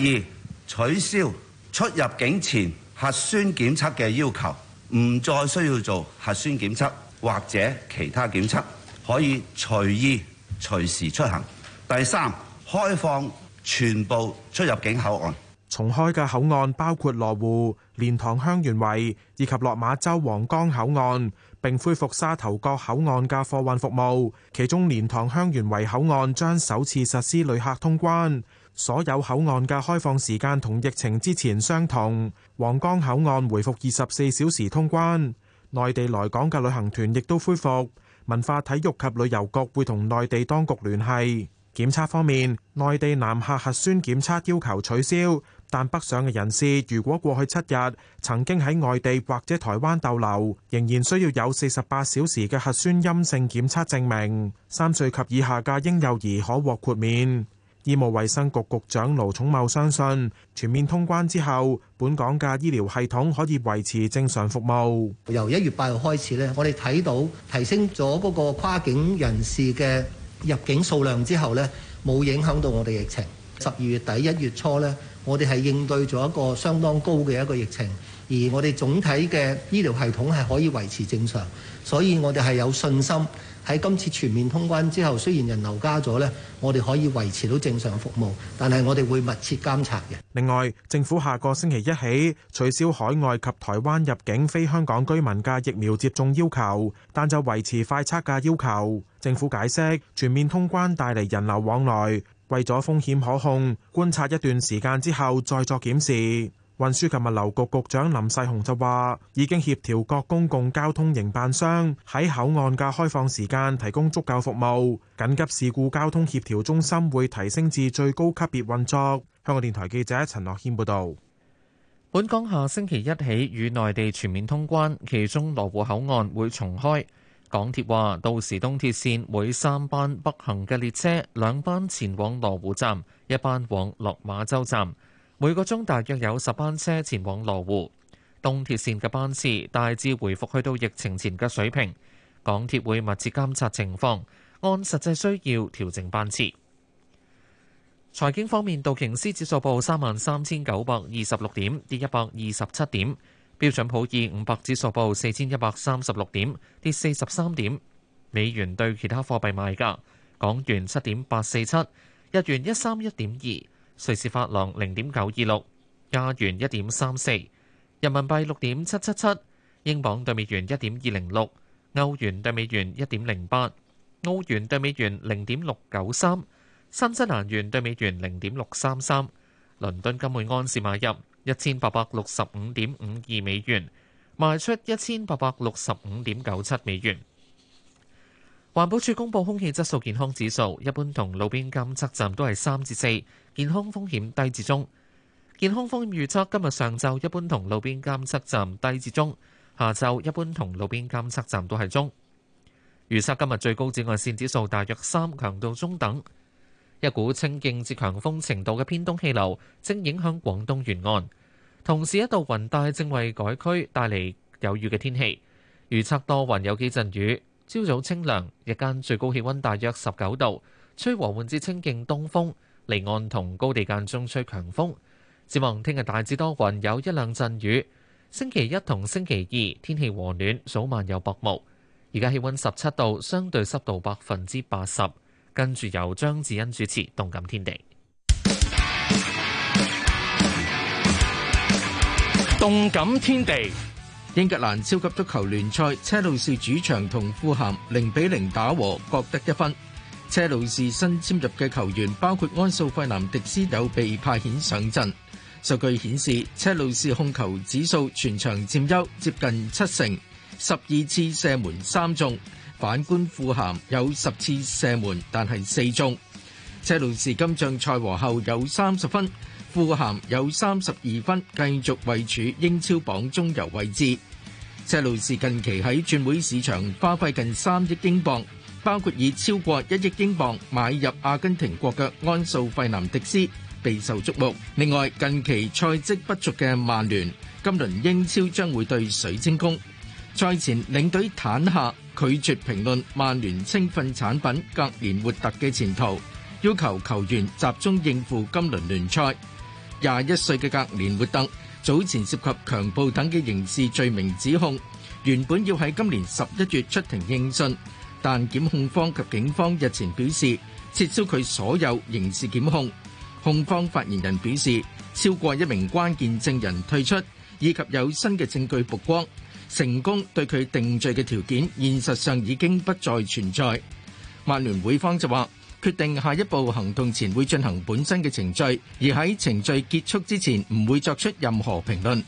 取消出入境前核酸檢測嘅要求。唔再需要做核酸檢測或者其他檢測，可以隨意隨時出行。第三，開放全部出入境口岸。重開嘅口岸包括羅湖、蓮塘香園圍以及落馬洲皇崗口岸，並恢復沙頭角口岸嘅貨運服務。其中，蓮塘香園圍口岸將首次實施旅客通關。所有口岸嘅開放時間同疫情之前相同。皇崗口岸回復二十四小時通關，內地來港嘅旅行團亦都恢復，文化體育及旅遊局會同內地當局聯繫。檢測方面，內地南下核酸檢測要求取消，但北上嘅人士如果過去七日曾經喺外地或者台灣逗留，仍然需要有四十八小時嘅核酸陰性檢測證明。三歲及以下嘅嬰幼兒可獲豁免。醫務衛生局局長盧寵茂相信，全面通關之後，本港嘅醫療系統可以維持正常服務。由一月八號開始咧，我哋睇到提升咗嗰個跨境人士嘅入境數量之後咧，冇影響到我哋疫情。十二月底一月初咧，我哋係應對咗一個相當高嘅一個疫情，而我哋總體嘅醫療系統係可以維持正常，所以我哋係有信心。喺今次全面通關之後，雖然人流加咗咧，我哋可以維持到正常服務，但係我哋會密切監察嘅。另外，政府下個星期一起取消海外及台灣入境非香港居民嘅疫苗接種要求，但就維持快測嘅要求。政府解釋全面通關帶嚟人流往來，為咗風險可控，觀察一段時間之後再作檢視。運輸及物流局局長林世雄就話，已經協調各公共交通營辦商喺口岸嘅開放時間提供足夠服務。緊急事故交通協調中心會提升至最高級別運作。香港電台記者陳樂謙報道。本港下星期一起與內地全面通關，其中羅湖口岸會重開。港鐵話，到時東鐵線每三班北行嘅列車，兩班前往羅湖站，一班往落馬洲站。每個鐘大約有十班車前往羅湖，東鐵線嘅班次大致回復去到疫情前嘅水平。港鐵會密切監察情況，按實際需要調整班次。財經方面，道瓊斯指數報三萬三千九百二十六點，跌一百二十七點；標準普爾五百指數報四千一百三十六點，跌四十三點。美元對其他貨幣賣價：港元七點八四七，日元一三一點二。瑞士法郎零點九二六，加元一點三四，人民幣六點七七七，英鎊兌美元一點二零六，歐元兌美元一點零八，澳元兌美元零點六九三，新西蘭元兌美元零點六三三。倫敦金每安士買入一千八百六十五點五二美元，賣出一千八百六十五點九七美元。環保署公布空氣質素健康指數，一般同路邊監測站都係三至四，健康風險低至中。健康風險預測今日上晝一般同路邊監測站低至中，下晝一般同路邊監測站都係中。預測今日最高紫外線指數大約三，強度中等。一股清勁至強風程度嘅偏東氣流正影響廣東沿岸，同時一道雲帶正為該區帶嚟有雨嘅天氣。預測多雲有幾陣雨。朝早清涼，日間最高氣溫大約十九度，吹和緩至清勁東風，離岸同高地間中吹強風。展望聽日大致多雲，有一兩陣雨。星期一同星期二天氣和暖，早晚有薄霧。而家氣溫十七度，相對濕度百分之八十。跟住由張子欣主持《動感天地》，《動感天地》。英格蘭超級足球聯賽，車路士主場同富咸零比零打和，各得一分。車路士新簽入嘅球員包括安素費南迪斯有被派遣上陣。數據顯示，車路士控球指數全場佔優，接近七成，十二次射門三中。反觀富咸有十次射門，但係四中。車路士今仗賽和後有三十分。富咸有三十二分，繼續位處英超榜中游位置。車路士近期喺轉會市場花費近三億英鎊，包括以超過一億英鎊買入阿根廷國腳安素費南迪斯，備受注目。另外，近期賽績不俗嘅曼聯，今輪英超將會對水晶宮。賽前領隊坦夏拒絕評論曼聯青訓產品格連活特嘅前途，要求球員集中應付今輪聯賽。廿一歲嘅格連活特，早前涉及強暴等嘅刑事罪名指控，原本要喺今年十一月出庭應訊，但檢控方及警方日前表示撤銷佢所有刑事檢控。控方發言人表示，超過一名關鍵證人退出，以及有新嘅證據曝光，成功對佢定罪嘅條件現實上已經不再存在。曼聯會方就話，決定下一步行動前會進行本身嘅程序，而喺程序結束之前唔會作出任何評論。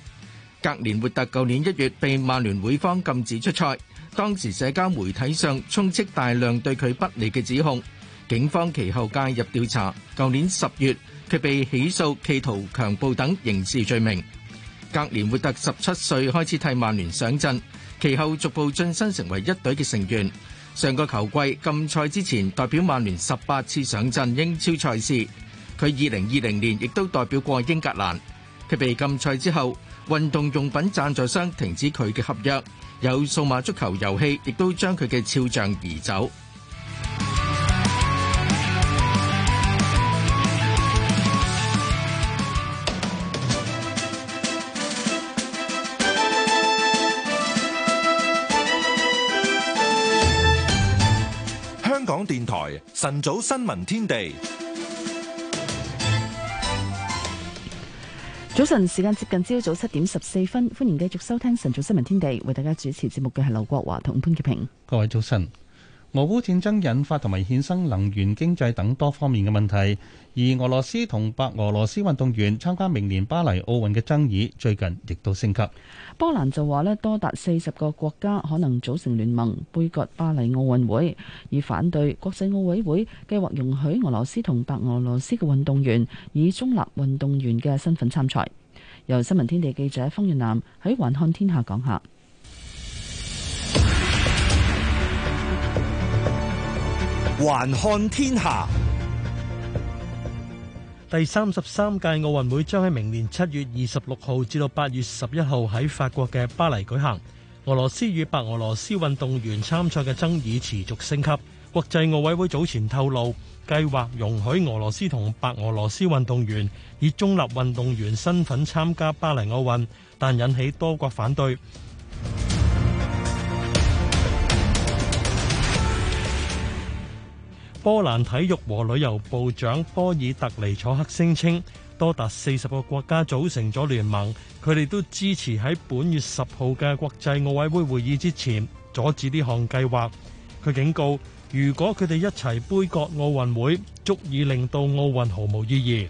格連活特舊年一月被曼聯會方禁止出賽，當時社交媒體上充斥大量對佢不利嘅指控。警方其後介入調查，舊年十月佢被起訴企圖強暴等刑事罪名。格連活特十七歲開始替曼聯上陣，其後逐步晉身成為一隊嘅成員。上個球季禁賽之前，代表曼聯十八次上陣英超賽事。佢二零二零年亦都代表過英格蘭。佢被禁賽之後，運動用品贊助商停止佢嘅合約，有數碼足球遊戲亦都將佢嘅肖像移走。香港電台晨早新聞天地，早晨時間接近朝早七點十四分，歡迎繼續收聽晨早新聞天地，為大家主持節目嘅係劉國華同潘潔平。各位早晨，俄烏戰爭引發同埋衍生能源經濟等多方面嘅問題，而俄羅斯同白俄羅斯運動員參加明年巴黎奧運嘅爭議，最近亦都升級。波蘭就話咧，多達四十個國家可能組成聯盟，杯葛巴黎奧運會，以反對國際奧委會計劃容許俄羅斯同白俄羅斯嘅運動員以中立運動員嘅身份參賽。由新聞天地記者方月南喺環看天下講下。環看天下。第三十三屆奧運會將喺明年七月二十六號至到八月十一號喺法國嘅巴黎舉行。俄羅斯與白俄羅斯運動員參賽嘅爭議持續升級。國際奧委會早前透露，計劃容許俄羅斯同白俄羅斯運動員以中立運動員身份參加巴黎奧運，但引起多國反對。波蘭體育和旅遊部長波爾特尼楚克聲稱，多達四十個國家組成咗聯盟，佢哋都支持喺本月十號嘅國際奧委會會議之前阻止呢項計劃。佢警告，如果佢哋一齊杯葛奧運會，足以令到奧運毫無意義。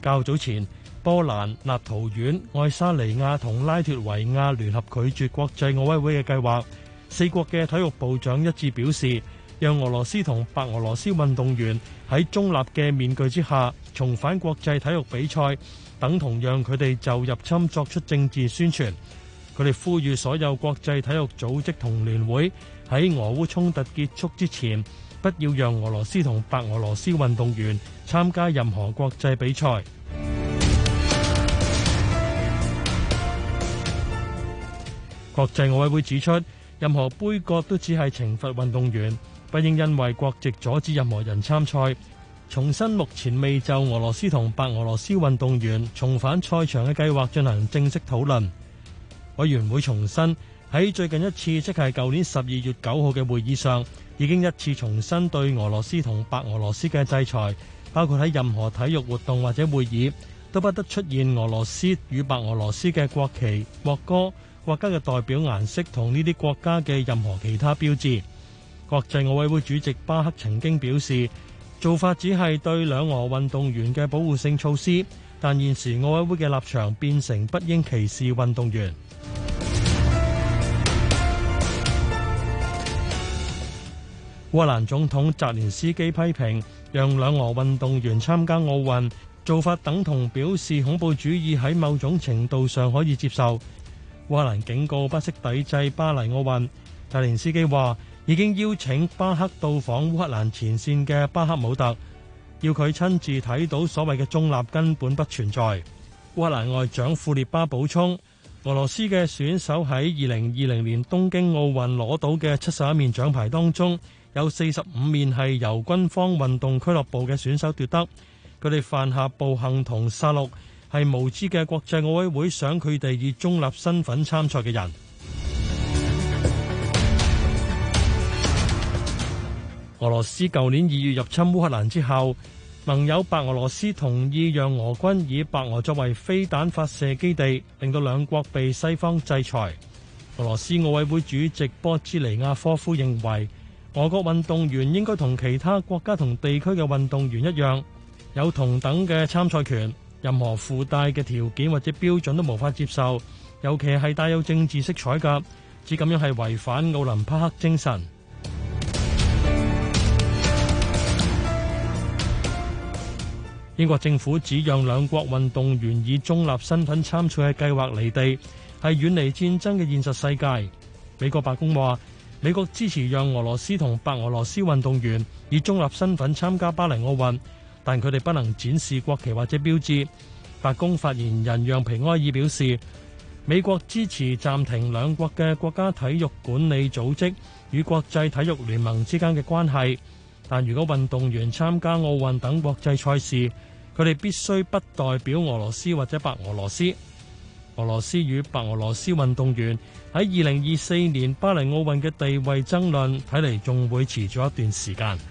較早前，波蘭、立陶宛、愛沙尼亞同拉脱維亞聯合拒絕國際奧委會嘅計劃，四國嘅體育部長一致表示。讓俄羅斯同白俄羅斯運動員喺中立嘅面具之下重返國際體育比賽，等同樣佢哋就入侵作出政治宣傳。佢哋呼籲所有國際體育組織同聯會喺俄烏衝突結束之前，不要讓俄羅斯同白俄羅斯運動員參加任何國際比賽。國際奧委會指出，任何杯葛都只係懲罰運動員。不應因為國籍阻止任何人參賽。重申目前未就俄羅斯同白俄羅斯運動員重返賽場嘅計劃進行正式討論。委員會重申，喺最近一次，即係舊年十二月九號嘅會議上，已經一次重申對俄羅斯同白俄羅斯嘅制裁，包括喺任何體育活動或者會議，都不得出現俄羅斯與白俄羅斯嘅國旗、國歌、國家嘅代表顏色同呢啲國家嘅任何其他標誌。國際奧委會主席巴克曾經表示，做法只係對兩俄運動員嘅保護性措施，但現時奧委會嘅立場變成不應歧視運動員。烏蘭總統澤連斯基批評，讓兩俄運動員參加奧運做法等同表示恐怖主義喺某種程度上可以接受。烏蘭警告不惜抵制巴黎奧運。澤連斯基話。已經邀請巴克到訪烏克蘭前線嘅巴克姆特，要佢親自睇到所謂嘅中立根本不存在。烏克蘭外長庫列巴補充：俄羅斯嘅選手喺二零二零年東京奧運攞到嘅七十一面獎牌當中，有四十五面係由軍方運動俱樂部嘅選手奪得，佢哋犯下暴行同殺戮，係無知嘅國際奧委會想佢哋以中立身份參賽嘅人。俄羅斯舊年二月入侵烏克蘭之後，盟友白俄羅斯同意讓俄軍以白俄作為飛彈發射基地，令到兩國被西方制裁。俄羅斯奧委會主席波茲尼亞科夫認為，俄國運動員應該同其他國家同地區嘅運動員一樣，有同等嘅參賽權，任何附帶嘅條件或者標準都無法接受，尤其係帶有政治色彩嘅，只咁樣係違反奧林匹克精神。英國政府指讓兩國運動員以中立身份參賽嘅計劃離地，係遠離戰爭嘅現實世界。美國白宮話，美國支持讓俄羅斯同白俄羅斯運動員以中立身份參加巴黎奧運，但佢哋不能展示國旗或者標誌。白宮發言人讓皮埃爾表示，美國支持暫停兩國嘅國家體育管理組織與國際體育聯盟之間嘅關係，但如果運動員參加奧運等國際賽事。佢哋必須不代表俄羅斯或者白俄羅斯。俄羅斯與白俄羅斯運動員，喺二零二四年巴黎奧運嘅地位爭論睇嚟仲會持續一段時間。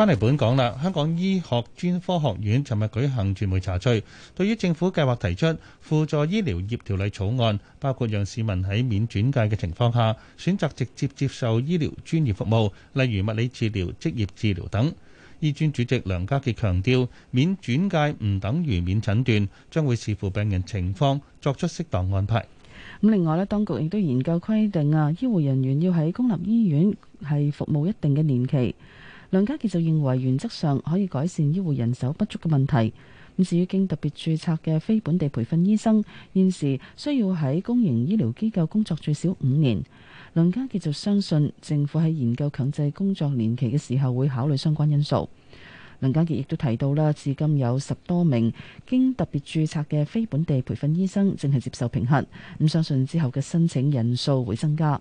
翻嚟本港啦，香港醫學專科學院尋日舉行傳媒茶敘，對於政府計劃提出輔助醫療業條例草案，包括讓市民喺免轉介嘅情況下選擇直接接受醫療專業服務，例如物理治療、職業治療等。醫專主席梁家傑強調，免轉介唔等於免診斷，將會視乎病人情況作出適當安排。咁另外咧，當局亦都研究規定啊，醫護人員要喺公立醫院係服務一定嘅年期。梁家傑就認為，原則上可以改善醫護人手不足嘅問題。至於經特別註冊嘅非本地培訓醫生，現時需要喺公營醫療機構工作最少五年。梁家傑就相信，政府喺研究強制工作年期嘅時候，會考慮相關因素。梁家杰亦都提到啦，至今有十多名經特別註冊嘅非本地培訓醫生正係接受評核，咁相信之後嘅申請人數會增加。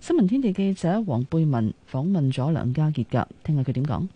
新聞天地記者黃貝文訪問咗梁家杰噶，聽下佢點講。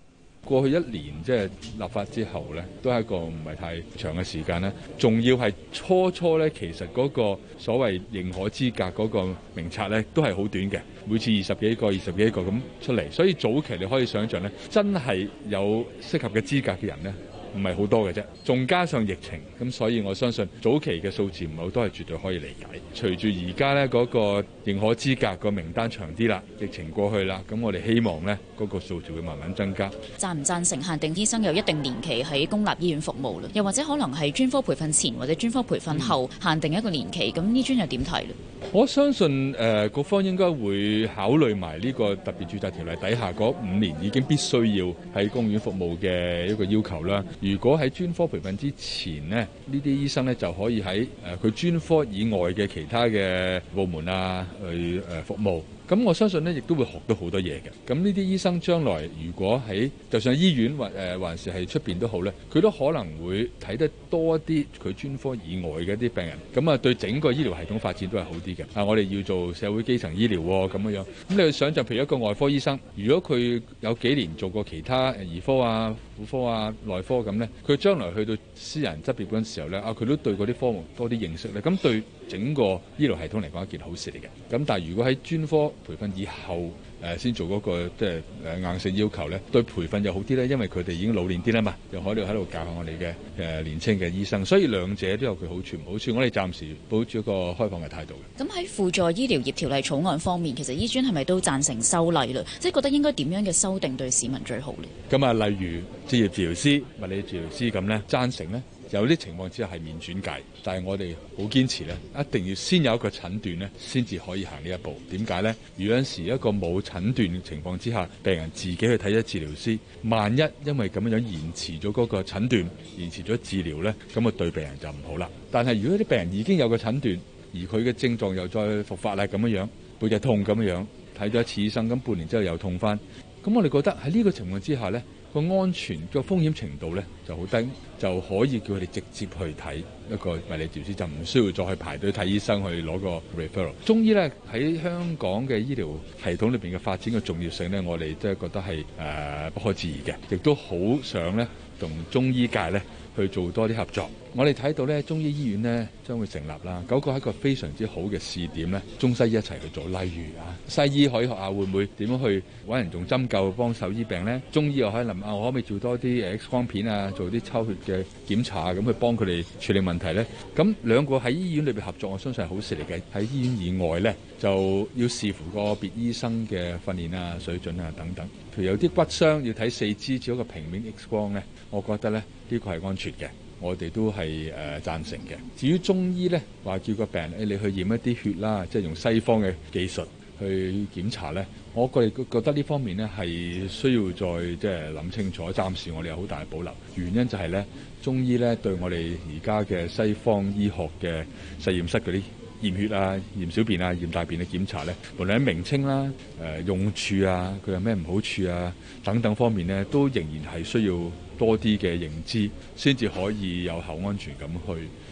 過去一年即係、就是、立法之後咧，都係一個唔係太長嘅時間咧。仲要係初初咧，其實嗰個所謂認可資格嗰個名冊咧，都係好短嘅，每次二十幾個、二十幾個咁出嚟。所以早期你可以想象咧，真係有適合嘅資格嘅人咧，唔係好多嘅啫。仲加上疫情，咁所以我相信早期嘅數字唔係好多，係絕對可以理解。隨住而家呢嗰、那個。認可資格個名單長啲啦，疫情過去啦，咁我哋希望呢嗰、嗰個數字就會慢慢增加。贊唔贊成限定醫生有一定年期喺公立醫院服務咧？又或者可能係專科培訓前或者專科培訓後限定一個年期？咁、嗯、呢專又點睇咧？我相信誒、呃，局方應該會考慮埋呢個特別註冊條例底下嗰五年已經必須要喺公院服務嘅一個要求啦。如果喺專科培訓之前呢，呢啲醫生呢就可以喺誒佢專科以外嘅其他嘅部門啊。去誒服務，咁我相信呢亦都會學到好多嘢嘅。咁呢啲醫生將來如果喺，就算醫院或誒還、呃、是係出邊都好呢，佢都可能會睇得多一啲佢專科以外嘅一啲病人。咁啊，對整個醫療系統發展都係好啲嘅。啊，我哋要做社會基層醫療喎、哦，咁樣樣。咁你去想像，譬如一個外科醫生，如果佢有幾年做過其他兒科啊、婦科啊、內科咁咧，佢將來去到私人執業嗰陣時候咧，啊佢都對嗰啲科目多啲認識咧，咁對整個醫療系統嚟講，一件好事嚟嘅。咁但係如果喺專科培訓以後，誒先做嗰個即係硬性要求咧，對培訓又好啲咧，因為佢哋已經老練啲啦嘛，又可以喺度教我哋嘅誒年青嘅醫生，所以兩者都有佢好處唔好處，我哋暫時保持一個開放嘅態度嘅。咁喺輔助醫療業條例草案方面，其實醫專係咪都贊成修例啦？即係覺得應該點樣嘅修訂對市民最好咧？咁啊，例如職業治療師、物理治療師咁咧，贊成咧？有啲情況之下係免轉介，但係我哋好堅持咧，一定要先有一個診斷咧，先至可以行呢一步。點解呢？如果有時一個冇診斷情況之下，病人自己去睇咗治療師，萬一因為咁樣延遲咗嗰個診斷，延遲咗治療呢，咁啊對病人就唔好啦。但係如果啲病人已經有個診斷，而佢嘅症狀又再復發啦，咁樣樣背脊痛咁樣樣睇咗一次醫生，咁半年之後又痛返，咁我哋覺得喺呢個情況之下呢。個安全個風險程度咧就好低，就可以叫佢哋直接去睇一個物理治療師，就唔需要再去排隊睇醫生去攞個 referral。中醫咧喺香港嘅醫療系統裏邊嘅發展嘅重要性咧，我哋即係覺得係誒、呃、不可置疑嘅，亦都好想咧同中醫界咧去做多啲合作。我哋睇到呢，中醫醫院呢將會成立啦。嗰個係一個非常之好嘅試點呢，中西醫一齊去做。例如啊，西醫可以學下會唔會點樣去揾人做針灸幫手醫病呢？中醫又可以諗啊，可唔可以做多啲 X 光片啊，做啲抽血嘅檢查啊，咁去幫佢哋處理問題呢？咁兩個喺醫院裏邊合作，我相信係好事嚟嘅。喺醫院以外呢，就要視乎個別醫生嘅訓練啊、水準啊等等。譬如有啲骨傷要睇四肢，做一個平面 X 光呢，我覺得呢，呢、呢個係安全嘅。我哋都係誒贊成嘅。至於中醫咧，話叫個病人，誒你去驗一啲血啦，即係用西方嘅技術去檢查咧。我個哋覺得呢方面咧係需要再即係諗清楚。暫時我哋有好大嘅保留，原因就係咧，中醫咧對我哋而家嘅西方醫學嘅實驗室嗰啲驗血啊、驗小便啊、驗大便嘅檢查咧，無論喺名稱啦、啊、誒、呃、用處啊，佢有咩唔好處啊等等方面咧，都仍然係需要多啲嘅認知，先至可以有效安全咁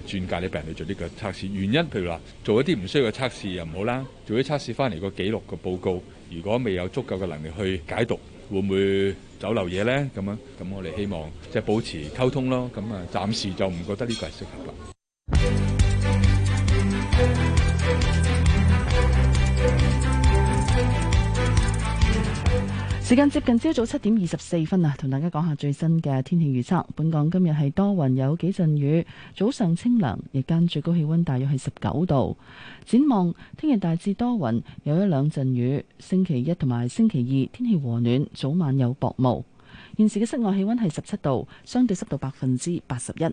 去轉介你病人去做呢個測試。原因譬如話，做一啲唔需要嘅測試又唔好啦，做啲測試翻嚟個記錄個報告，如果未有足夠嘅能力去解讀，會唔會走漏嘢呢？咁樣，咁我哋希望即係保持溝通咯。咁啊，暫時就唔覺得呢個係適合啦。時間接近朝早七點二十四分啊，同大家講下最新嘅天氣預測。本港今日係多雲有幾陣雨，早上清涼，日間最高氣溫大約係十九度。展望聽日大致多雲有一兩陣雨，星期一同埋星期二天氣和暖，早晚有薄霧。現時嘅室外氣溫係十七度，相對濕度百分之八十一。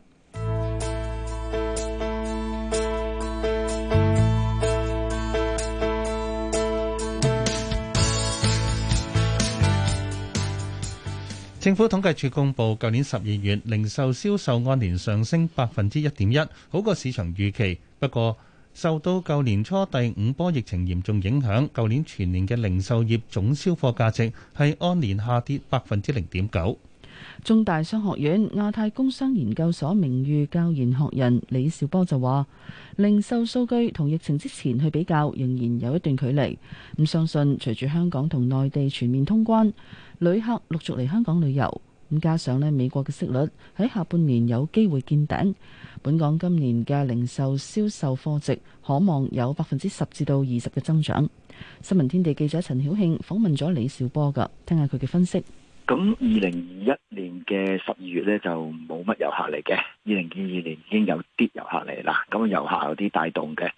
政府統計處公布，舊年十二月零售銷售按年上升百分之一點一，好過市場預期。不過，受到舊年初第五波疫情嚴重影響，舊年全年嘅零售業總銷貨價值係按年下跌百分之零點九。中大商學院亞太工商研究所名譽教研學人李兆波就話：零售數據同疫情之前去比較，仍然有一段距離。唔相信隨住香港同內地全面通關。旅客陸續嚟香港旅遊，咁加上咧美國嘅息率喺下半年有機會見頂，本港今年嘅零售銷售貨值可望有百分之十至到二十嘅增長。新聞天地記者陳曉慶訪問咗李兆波嘅，聽下佢嘅分析。咁二零二一年嘅十二月呢，就冇乜遊客嚟嘅，二零二二年已經有啲遊客嚟啦，咁啊遊客有啲帶動嘅。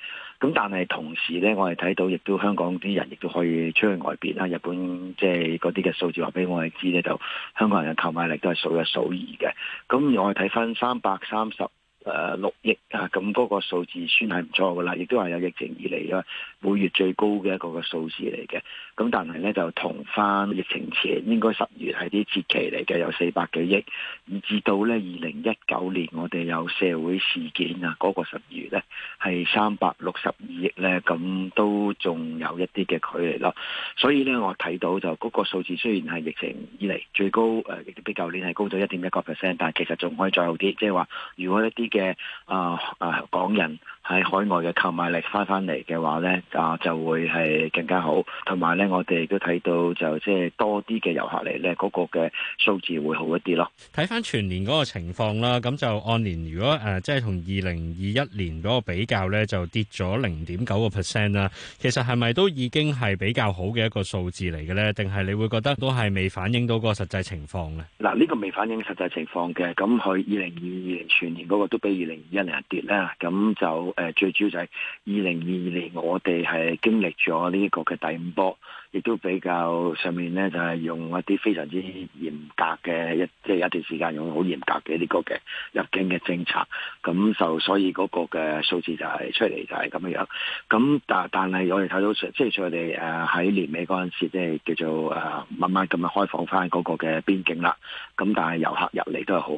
咁但係同時咧，我哋睇到亦都香港啲人亦都可以出去外邊啦。日本即係嗰啲嘅數字話俾我哋知咧，就香港人嘅購買力都係數一數二嘅。咁我哋睇翻三百三十。誒六億啊，咁、那、嗰個數字算係唔錯噶啦，亦都話有疫情以嚟啊每月最高嘅一個個數字嚟嘅。咁但係咧就同翻疫情前應該十月係啲節期嚟嘅，有四百幾億，而至到咧二零一九年我哋有社會事件啊嗰、那個十月咧係三百六十二億咧，咁都仲有一啲嘅距離咯。所以咧我睇到就嗰、那個數字雖然係疫情以嚟最高誒、呃，比舊年係高咗一點一個 percent，但係其實仲可以再好啲，即係話如果一啲。嘅啊啊，uh, uh, 港人喺海外嘅購買力返返嚟嘅話呢，啊就會係更加好。同埋呢，我哋都睇到就即係多啲嘅遊客嚟呢，嗰、那個嘅數字會好一啲咯。睇返全年嗰個情況啦，咁就按年如果誒、呃、即係同二零二一年嗰個比較呢，就跌咗零點九個 percent 啦。其實係咪都已經係比較好嘅一個數字嚟嘅呢？定係你會覺得都係未反映到個實際情況呢？嗱，呢、這個未反映實際情況嘅。咁佢二零二二年全年嗰個都比二零二一年跌啦，咁就。誒最主要就係二零二二年，我哋係經歷咗呢一個嘅第五波。亦都比較上面咧，就係用一啲非常之嚴格嘅一即係一段時間用好嚴格嘅呢個嘅入境嘅政策，咁就所以嗰個嘅數字就係出嚟就係咁嘅樣。咁但但係我哋睇到即係我哋誒喺年尾嗰陣時，即係叫做誒慢慢咁樣開放翻嗰個嘅邊境啦。咁但係遊客入嚟都係好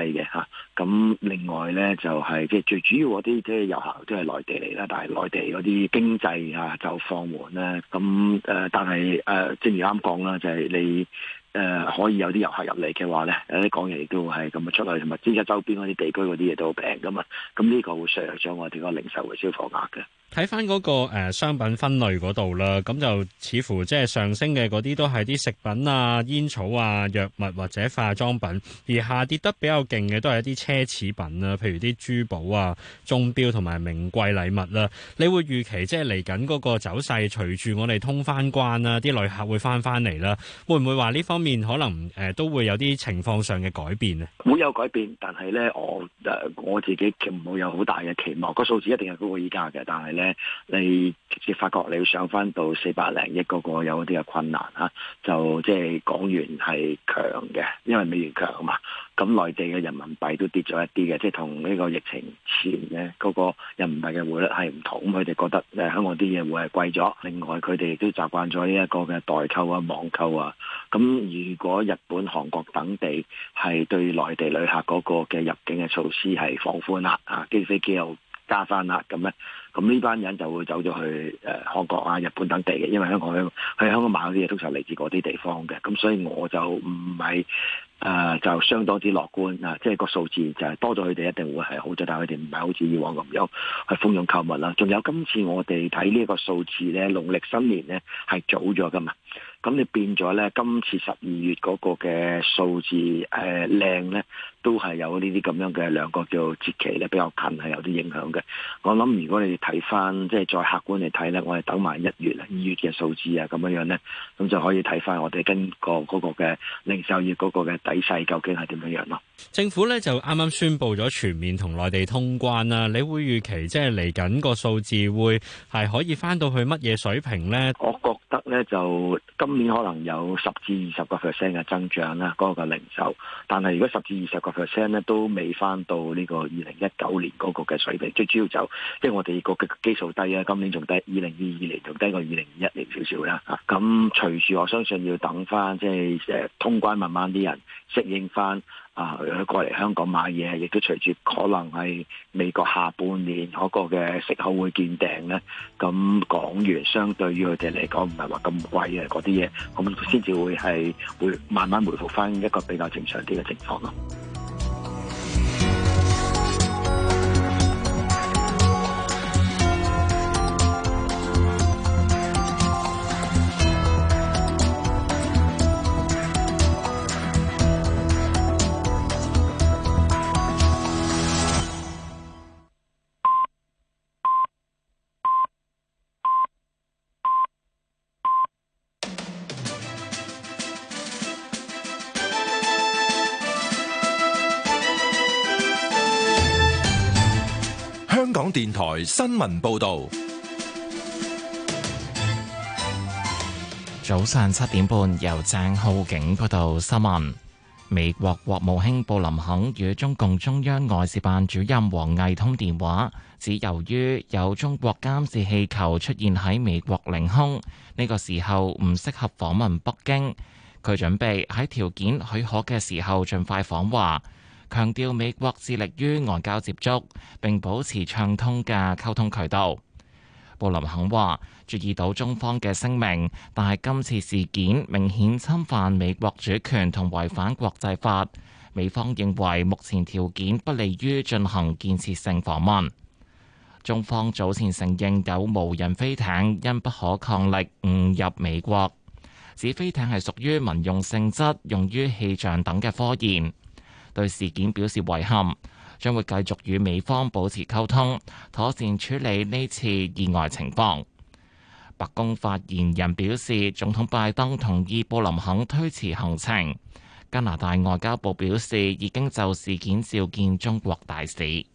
低嘅嚇。咁另外咧就係即係最主要嗰啲即係遊客都係內地嚟啦，但係內地嗰啲經濟啊就放緩啦。咁誒。嗯啊但係誒、呃，正如啱講啦，就係、是、你誒、呃、可以有啲遊客入嚟嘅話咧，有啲港人亦都係咁出去。同埋，即係周邊嗰啲地區嗰啲嘢都好平噶嘛，咁呢個會削弱咗我哋個零售嘅消費額嘅。睇翻嗰個、呃、商品分類嗰度啦，咁就似乎即係上升嘅嗰啲都係啲食品啊、煙草啊、藥物或者化妝品，而下跌得比較勁嘅都係一啲奢侈品啊，譬如啲珠寶啊、鐘錶同埋名貴禮物啦、啊。你會預期即係嚟緊嗰個走勢隨、啊，隨住我哋通翻關啦，啲旅客會翻翻嚟啦，會唔會話呢方面可能誒、呃、都會有啲情況上嘅改變咧、啊？會有改變，但係咧我誒我自己唔會有好大嘅期望，個數字一定係高過依家嘅，但係。你直接發覺你要上翻到四百零億嗰個有啲嘅困難嚇、啊，就即係港元係強嘅，因為美元強啊嘛。咁內地嘅人民幣都跌咗一啲嘅，即係同呢個疫情前嘅嗰、嗰個人民幣嘅匯率係唔同。佢哋覺得誒香港啲嘢會係貴咗。另外佢哋亦都習慣咗呢一個嘅代購啊、網購啊。咁如果日本、韓國等地係對內地旅客嗰個嘅入境嘅措施係放寬啦、啊，啊機飛機又加翻啦，咁咧。咁呢、嗯、班人就會走咗去誒韓、呃、國啊、日本等地嘅，因為香港喺喺香港買嗰啲嘢通常嚟自嗰啲地方嘅，咁、嗯、所以我就唔係誒就相當之樂觀啊，即係個數字就係多咗，佢哋一定會係好咗，但係佢哋唔係好似以往咁樣去蜂擁購物啦。仲有今次我哋睇呢個數字咧，農曆新年咧係早咗噶嘛，咁、嗯、你變咗咧今次十二月嗰個嘅數字誒靚咧。呃都係有呢啲咁樣嘅兩個叫節期咧，比較近係有啲影響嘅。我諗如果你睇翻即係再客觀嚟睇咧，我哋等埋一月、二月嘅數字啊，咁樣樣咧，咁就可以睇翻我哋跟個嗰個嘅零售業嗰個嘅底勢究竟係點樣樣咯。政府咧就啱啱宣布咗全面同內地通關啦。你會預期即係嚟緊個數字會係可以翻到去乜嘢水平咧？我覺得咧就今年可能有十至二十個 percent 嘅增長啦，嗰個嘅零售。但係如果十至二十個 percent 咧都未翻到呢個二零一九年嗰個嘅水平，最主要就即係我哋個嘅基數低啊，今年仲低二零二二年仲低過二零二一年少少啦。咁隨住我相信要等翻即係誒通關慢慢啲人適應翻。啊！佢過嚟香港買嘢，亦都隨住可能係美國下半年嗰個嘅息口會見頂咧，咁港元相對於佢哋嚟講唔係話咁貴嘅嗰啲嘢，咁先至會係會慢慢回復翻一個比較正常啲嘅情況咯。電台新聞報道，早上七點半由鄭浩景報道新聞。美國國務卿布林肯與中共中央外事辦主任王毅通電話，指由於有中國監視氣球出現喺美國領空，呢個時候唔適合訪問北京。佢準備喺條件許可嘅時候盡快訪華。強調美國致力於外交接觸，並保持暢通嘅溝通渠道。布林肯話：注意到中方嘅聲明，但係今次事件明顯侵犯美國主權同違反國際法。美方認為目前條件不利於進行建設性訪問。中方早前承認有無人飛艇因不可抗力誤入美國，指飛艇係屬於民用性質，用於氣象等嘅科研。對事件表示遺憾，將會繼續與美方保持溝通，妥善處理呢次意外情況。白宮發言人表示，總統拜登同意布林肯推遲行程。加拿大外交部表示，已經就事件召見中國大使。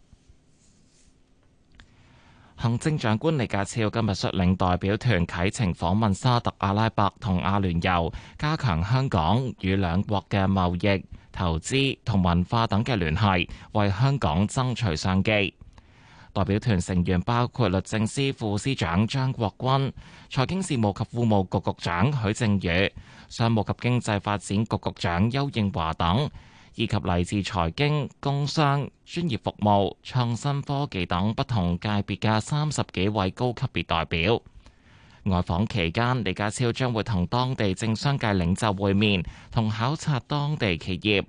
行政長官李家超今日率領代表團啟程訪問沙特阿拉伯同阿聯酋，加強香港與兩國嘅貿易，投資同文化等嘅聯繫，為香港爭取商機。代表團成員包括律政司副司長張國鈞、財經事務及庫務局局長許正宇、商務及經濟發展局局長邱應華等，以及來自財經、工商、專業服務、創新科技等不同界別嘅三十幾位高級別代表。外訪期間，李家超將會同當地政商界領袖會面，同考察當地企業，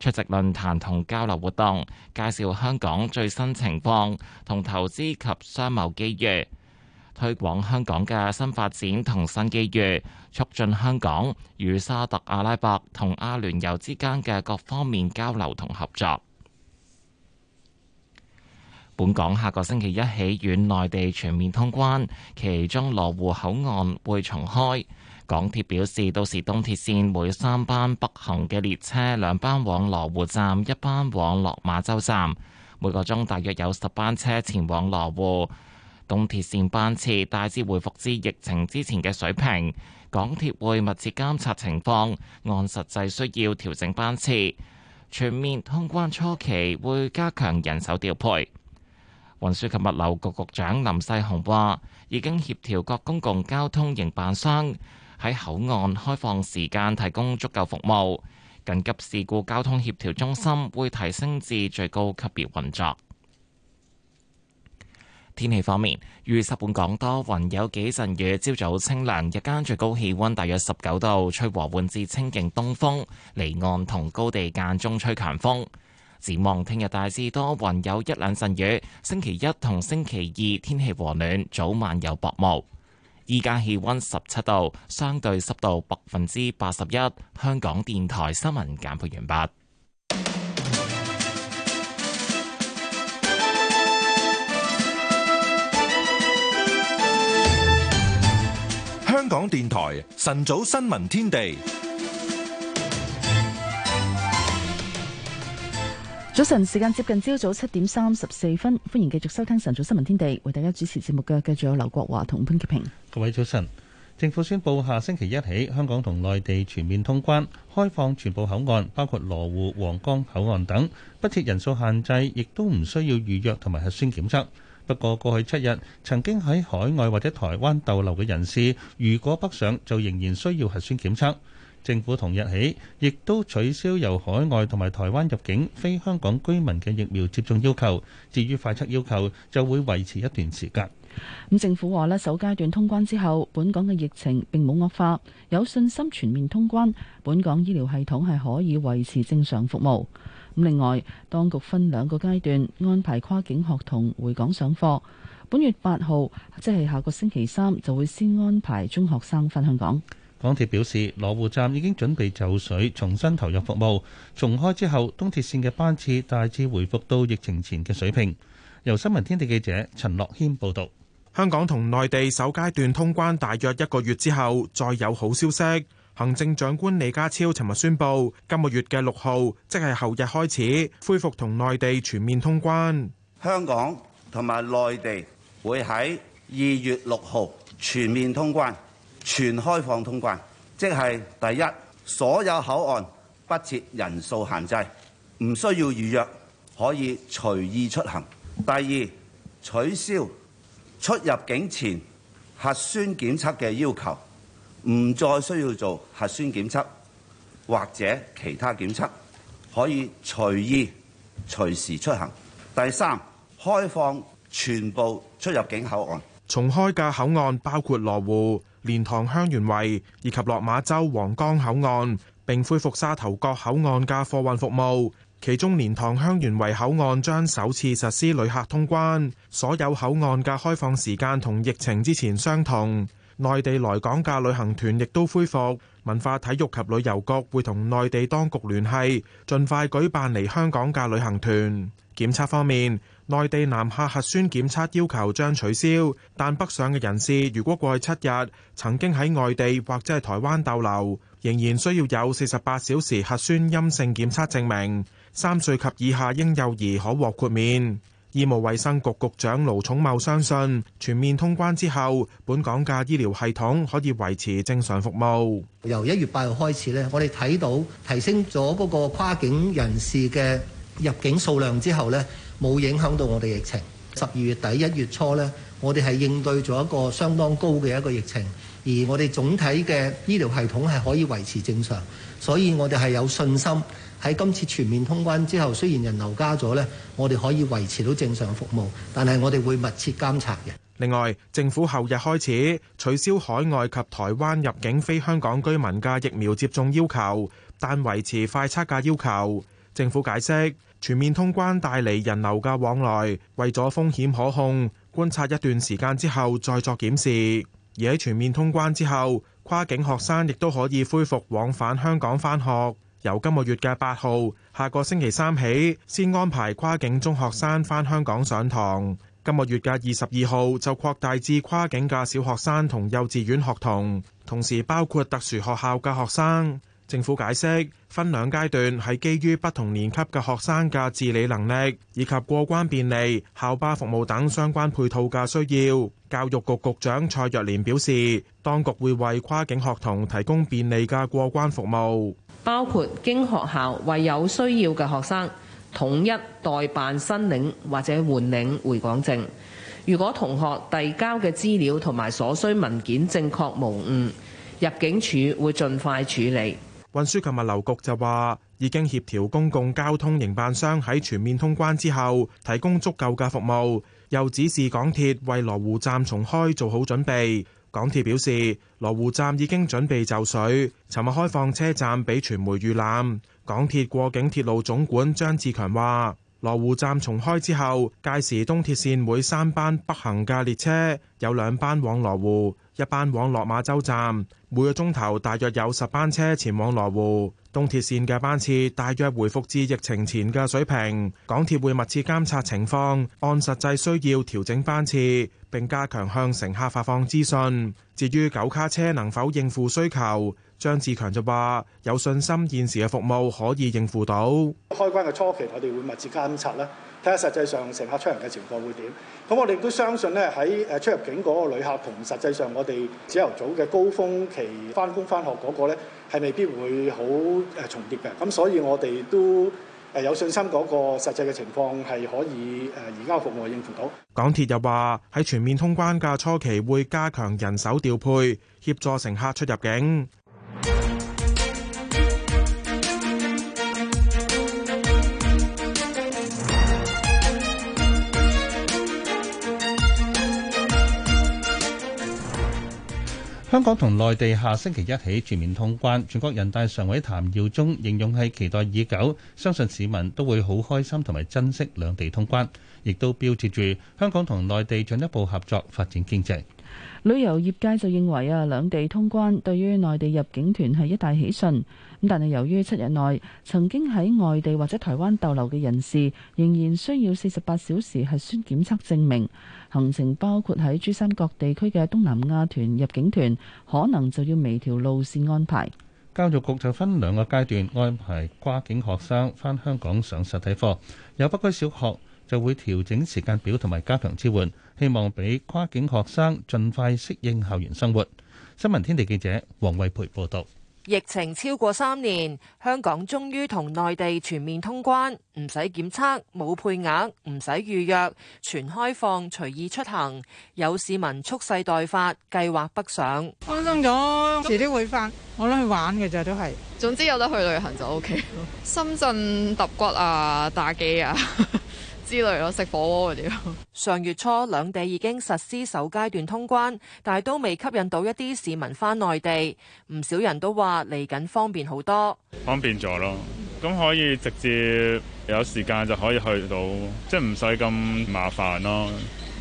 出席論壇同交流活動，介紹香港最新情況同投資及商貿機遇，推廣香港嘅新發展同新機遇，促進香港與沙特阿拉伯同阿聯酋之間嘅各方面交流同合作。本港下個星期一起與內地全面通關，其中羅湖口岸會重開。港鐵表示，到時東鐵線每三班北行嘅列車，兩班往羅湖站，一班往落馬洲站，每個鐘大約有十班車前往羅湖。東鐵線班次大致回復至疫情之前嘅水平。港鐵會密切監察情況，按實際需要調整班次。全面通關初期會加強人手調配。運輸及物流局局長林世雄話，已經協調各公共交通營辦商喺口岸開放時間提供足夠服務。緊急事故交通協調中心會提升至最高級別運作。天氣方面，預濕本港多雲，雲有幾陣雨。朝早清涼，日間最高氣溫大約十九度，吹和緩至清勁東風。離岸同高地間中吹強風。展望聽日大致多雲，有一兩陣雨。星期一同星期二天氣和暖，早晚有薄霧。依家氣溫十七度，相對濕度百分之八十一。香港電台新聞簡報完畢。香港電台晨早新聞天地。早晨，時間接近朝早七點三十四分，歡迎繼續收聽晨早新聞天地，為大家主持節目嘅繼續有劉國華同潘潔平。各位早晨，政府宣布下星期一起，香港同內地全面通關，開放全部口岸，包括羅湖、皇崗口岸等。不設人數限制亦都唔需要預約同埋核酸檢測。不過，過過去七日曾經喺海外或者台灣逗留嘅人士，如果北上就仍然需要核酸檢測。政府同日起，亦都取消由海外同埋台灣入境非香港居民嘅疫苗接種要求。至於快測要求，就會維持一段時間。咁政府話咧，首階段通關之後本港嘅疫情並冇惡化，有信心全面通關本港醫療系統係可以維持正常服務，咁另外，當局分兩個階段安排跨境學童回港上課，本月八號即係下個星期三，就會先安排中學生翻香港。港鐵表示，羅湖站已經準備就緒，重新投入服務。重開之後，東鐵線嘅班次大致回復到疫情前嘅水平。由新聞天地記者陳樂軒報導。香港同內地首階段通關大約一個月之後，再有好消息。行政長官李家超尋日宣布，今個月嘅六號，即係後日開始，恢復同內地全面通關。香港同埋內地會喺二月六號全面通關。全開放通關，即係第一，所有口岸不設人數限制，唔需要預約，可以隨意出行。第二，取消出入境前核酸檢測嘅要求，唔再需要做核酸檢測或者其他檢測，可以隨意隨時出行。第三，開放全部出入境口岸。重開嘅口岸包括羅湖、蓮塘香園圍以及落馬洲皇崗口岸，並恢復沙頭角口岸嘅貨運服務。其中蓮塘香園圍口岸將首次實施旅客通關，所有口岸嘅開放時間同疫情之前相同。內地來港嘅旅行團亦都恢復。文化體育及旅遊局會同內地當局聯繫，盡快舉辦嚟香港嘅旅行團。檢測方面。內地南下核酸檢測要求將取消，但北上嘅人士如果過去七日曾經喺外地或者係台灣逗留，仍然需要有四十八小時核酸陰性檢測證明。三歲及以下嬰幼兒可獲豁免。醫務衛生局局長盧寵茂相信，全面通關之後，本港嘅醫療系統可以維持正常服務。由一月八號開始呢，我哋睇到提升咗嗰個跨境人士嘅入境數量之後呢。冇影響到我哋疫情。十二月底一月初呢，我哋係應對咗一個相當高嘅一個疫情，而我哋總體嘅醫療系統係可以維持正常，所以我哋係有信心喺今次全面通關之後，雖然人流加咗呢，我哋可以維持到正常服務，但係我哋會密切監察嘅。另外，政府後日開始取消海外及台灣入境非香港居民嘅疫苗接種要求，但維持快測嘅要求。政府解釋。全面通關帶嚟人流嘅往來，為咗風險可控，觀察一段時間之後再作檢視。而喺全面通關之後，跨境學生亦都可以恢復往返香港返學。由今個月嘅八號，下個星期三起先安排跨境中學生返香港上堂。今個月嘅二十二號就擴大至跨境嘅小學生同幼稚園學童，同時包括特殊學校嘅學生。政府解釋分兩階段，係基於不同年級嘅學生嘅自理能力以及過關便利、校巴服務等相關配套嘅需要。教育局局長蔡若蓮表示，當局會為跨境學童提供便利嘅過關服務，包括經學校為有需要嘅學生統一代辦申領或者換領回港證。如果同學遞交嘅資料同埋所需文件正確無誤，入境處會盡快處理。運輸及物流局就話，已經協調公共交通營辦商喺全面通關之後提供足夠嘅服務，又指示港鐵為羅湖站重開做好準備。港鐵表示，羅湖站已經準備就緒，尋日開放車站俾傳媒預覽。港鐵過境鐵路總管張志強話，羅湖站重開之後，屆時東鐵線每三班北行嘅列車，有兩班往羅湖，一班往落馬洲站。每個鐘頭大約有十班車前往羅湖，東鐵綫嘅班次大約回復至疫情前嘅水平。港鐵會密切監察情況，按實際需要調整班次，並加強向乘客發放資訊。至於九卡車能否應付需求，張志強就話有信心現時嘅服務可以應付到。開關嘅初期，我哋會密切監察啦，睇下實際上乘客出行嘅情況會點。咁我哋都相信咧，喺誒出入境嗰個旅客，同實際上我哋朝頭早嘅高峰期翻工翻學嗰個咧，係未必會好誒重疊嘅。咁所以我哋都誒有信心嗰個實際嘅情況，係可以誒而家服務應付到。港鐵又話喺全面通關嘅初期會加強人手調配，協助乘客出入境。香港同內地下星期一起全面通關，全國人大常委譚耀宗形容係期待已久，相信市民都會好開心同埋珍惜兩地通關，亦都標誌住香港同內地進一步合作發展經濟。旅遊業界就認為啊，兩地通關對於內地入境團係一大喜訊。咁但係由於七日內曾經喺外地或者台灣逗留嘅人士，仍然需要四十八小時核酸檢測證明。行程包括喺珠三角地區嘅東南亞團、入境團可能就要微調路線安排。教育局就分兩個階段安排跨境學生翻香港上實體課，有北區小學就會調整時間表同埋加強支援，希望俾跨境學生盡快適應校園生活。新聞天地記者黃慧培報道。疫情超過三年，香港終於同內地全面通關，唔使檢測，冇配額，唔使預約，全開放，隨意出行。有市民蓄勢待發，計劃北上。放心咗，遲啲會翻，我都去玩嘅咋都係。總之有得去旅行就 OK。好深圳揼骨啊，打機啊。 之類咯，食火鍋啲咯。 上月初兩地已經實施首階段通關，但係都未吸引到一啲市民翻內地。唔少人都話嚟緊方便好多，方便咗咯。咁可以直接有時間就可以去到，即係唔使咁麻煩咯，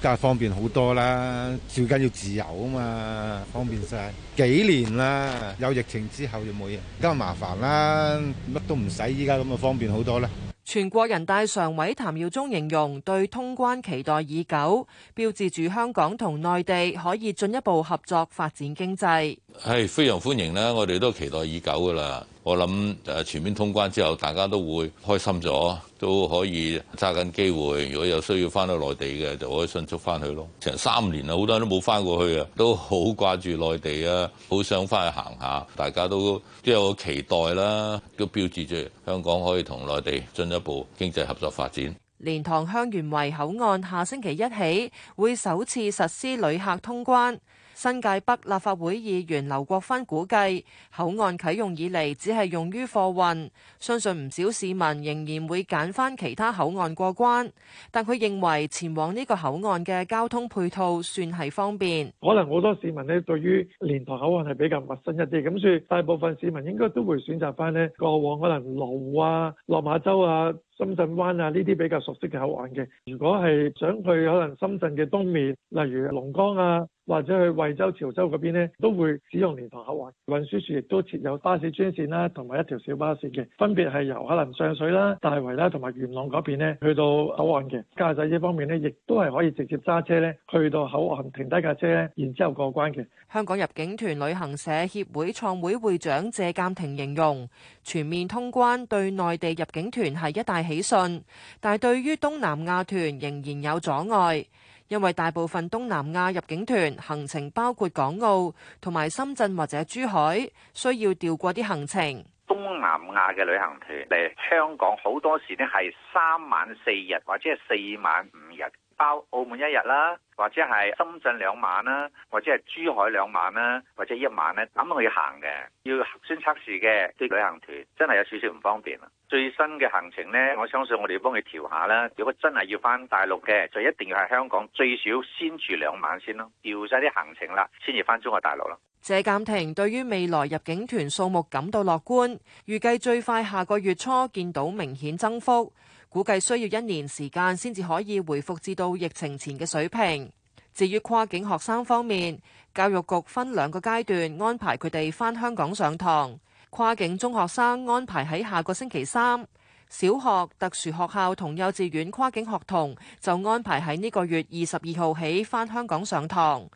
梗係方便好多啦。最緊要自由啊嘛，方便晒。幾年啦？有疫情之後就冇嘢，梗係麻煩啦，乜都唔使。依家咁啊，方便好多啦。全國人大常委譚耀宗形容對通關期待已久，標誌住香港同內地可以進一步合作發展經濟。係，非常歡迎啦，我哋都期待已久㗎喇。我諗誒，全面通關之後，大家都會開心咗，都可以揸緊機會。如果有需要翻到內地嘅，就可以迅速翻去咯。成三年啦，好多人都冇翻過去啊，都好掛住內地啊，好想翻去行下。大家都都有個期待啦，都標誌住香港可以同內地進一步經濟合作發展。蓮塘香園圍口岸下星期一起會首次實施旅客通關。新界北立法會議員劉國勳估計，口岸啟用以嚟只係用於貨運，相信唔少市民仍然會揀翻其他口岸過關。但佢認為前往呢個口岸嘅交通配套算係方便。可能好多市民咧，對於蓮塘口岸係比較陌生一啲，咁所以大部分市民應該都會選擇翻呢。過往可能羅湖啊、落馬洲啊。深圳灣啊，呢啲比較熟悉嘅口岸嘅。如果係想去可能深圳嘅東面，例如龍崗啊，或者去惠州、潮州嗰邊咧，都會使用連塘蓮塘口岸。運輸署亦都設有巴士專線啦、啊，同埋一條小巴士嘅，分別係由可能上水啦、大圍啦同埋元朗嗰邊咧，去到口岸嘅。駕駛者方面咧，亦都係可以直接揸車咧，去到口岸停低架車咧，然之後過關嘅。香港入境團旅行社協會創會會長謝鑒庭形容，全面通關對內地入境團係一大喜訊，但係對於東南亞團仍然有阻礙，因為大部分東南亞入境團行程包括港澳同埋深圳或者珠海，需要調過啲行程。東南亞嘅旅行團嚟香港好多時呢，係三晚四日或者係四晚五日。包澳門一日啦，或者係深圳兩晚啦，或者係珠海兩晚啦，或者一晚咧，咁去行嘅，要核酸測試嘅啲旅行團，真係有少少唔方便啊！最新嘅行程咧，我相信我哋要幫佢調下啦。如果真係要返大陸嘅，就一定要喺香港最少先住兩晚先咯，調晒啲行程啦，先至返中國大陸咯。謝監庭對於未來入境團數目感到樂觀，預計最快下個月初見到明顯增幅，估計需要一年時間先至可以回復至到疫情前嘅水平。至於跨境學生方面，教育局分兩個階段安排佢哋返香港上堂，跨境中學生安排喺下個星期三，小學、特殊學校同幼稚園跨境學童就安排喺呢個月二十二號起返香港上堂。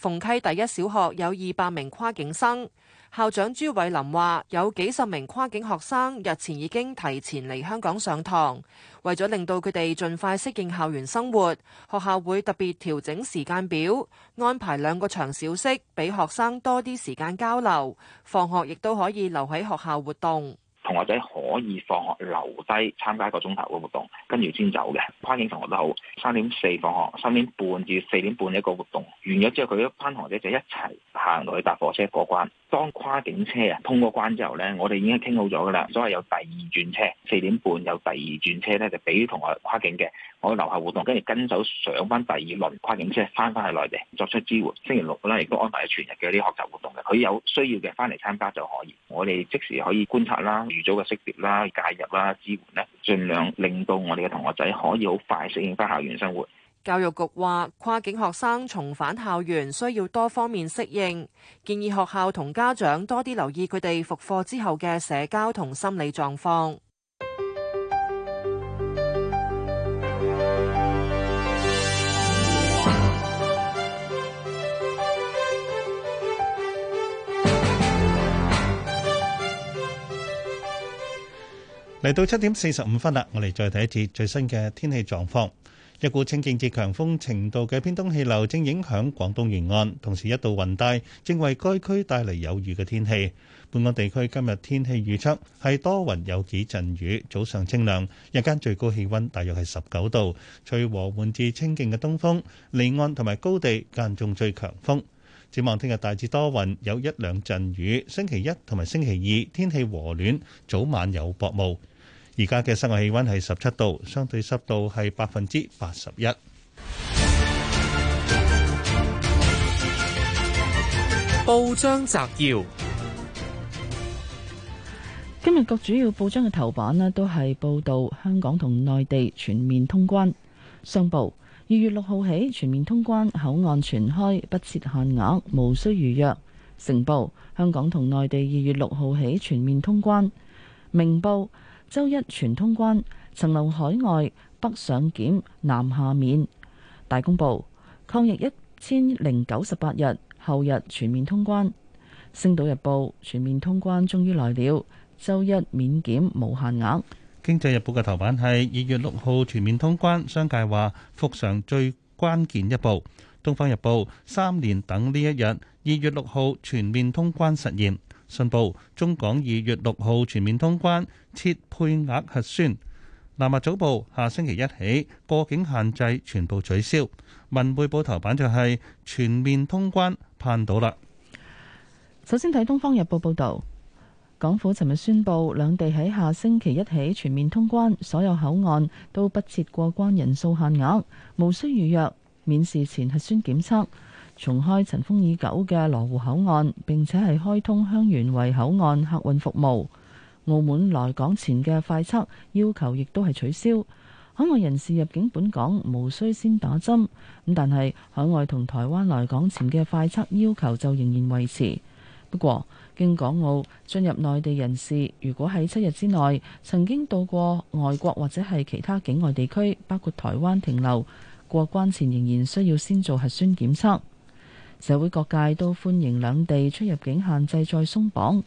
鳳溪第一小學有二百名跨境生，校長朱偉林話：有幾十名跨境學生日前已經提前嚟香港上堂，為咗令到佢哋盡快適應校園生活，學校會特別調整時間表，安排兩個長小息，俾學生多啲時間交流，放學亦都可以留喺學校活動。同學仔可以放學留低參加一個鐘頭嘅活動，跟住先走嘅。跨境同學都好，三點四放學，三點半至四點半一個活動完咗之後，佢一班同學仔就一齊行落去搭火車過關。當跨境車啊通過關之後咧，我哋已經傾好咗噶啦，所謂有第二轉車，四點半有第二轉車咧，就俾同學跨境嘅我留下活動，跟住跟走上翻第二輪跨境車，翻返去內地作出支援。星期六咧亦都安排全日嘅啲學習活動嘅，佢有需要嘅翻嚟參加就可以，我哋即時可以觀察啦。預早嘅識別啦、介入啦、支援咧，盡量令到我哋嘅同學仔可以好快適應翻校園生活。教育局話，跨境學生重返校園需要多方面適應，建議學校同家長多啲留意佢哋復課之後嘅社交同心理狀況。嚟到七點四十五分啦，我哋再睇一次最新嘅天氣狀況。一股清勁至強風程度嘅偏東氣流正影響廣東沿岸，同時一道雲帶正為該區帶嚟有雨嘅天氣。本港地區今日天氣預測係多雲有幾陣雨，早上清涼，日間最高氣溫大約係十九度，吹和緩至清勁嘅東風，離岸同埋高地間中最強風。展望聽日大致多雲，有一兩陣雨。星期一同埋星期二天氣和暖，早晚有薄霧。而家嘅室外氣温係十七度，相對濕度係百分之八十一。報章摘要：今日各主要報章嘅頭版呢，都係報道香港同內地全面通關。商報：二月六號起全面通關，口岸全開，不設限額，無需預約。成報：香港同內地二月六號起全面通關。明報周一全通關，曾留海外北上檢，南下面。大公報抗疫一千零九十八日，後日全面通關。星島日報全面通關終於來了，周一免檢無限額。經濟日報嘅頭版係二月六號全面通關，商界話復常最關鍵一步。東方日報三年等呢一日，二月六號全面通關實驗。信報：中港二月六號全面通關，撤配額核酸。南華早報：下星期一起，過境限制全部取消。文匯報頭版就係、是、全面通關盼到啦。首先睇《東方日報》報道，港府尋日宣布，兩地喺下星期一起全面通關，所有口岸都不設過關人數限額，無需預約，免事前核酸檢測。重開塵封已久嘅羅湖口岸，並且係開通香園圍口岸客運服務。澳門來港前嘅快測要求亦都係取消。海外人士入境本港無需先打針，咁但係海外同台灣來港前嘅快測要求就仍然維持。不過，經港澳進入內地人士，如果喺七日之內曾經到過外國或者係其他境外地區，包括台灣停留，過關前仍然需要先做核酸檢測。社會各界都歡迎兩地出入境限制再鬆綁。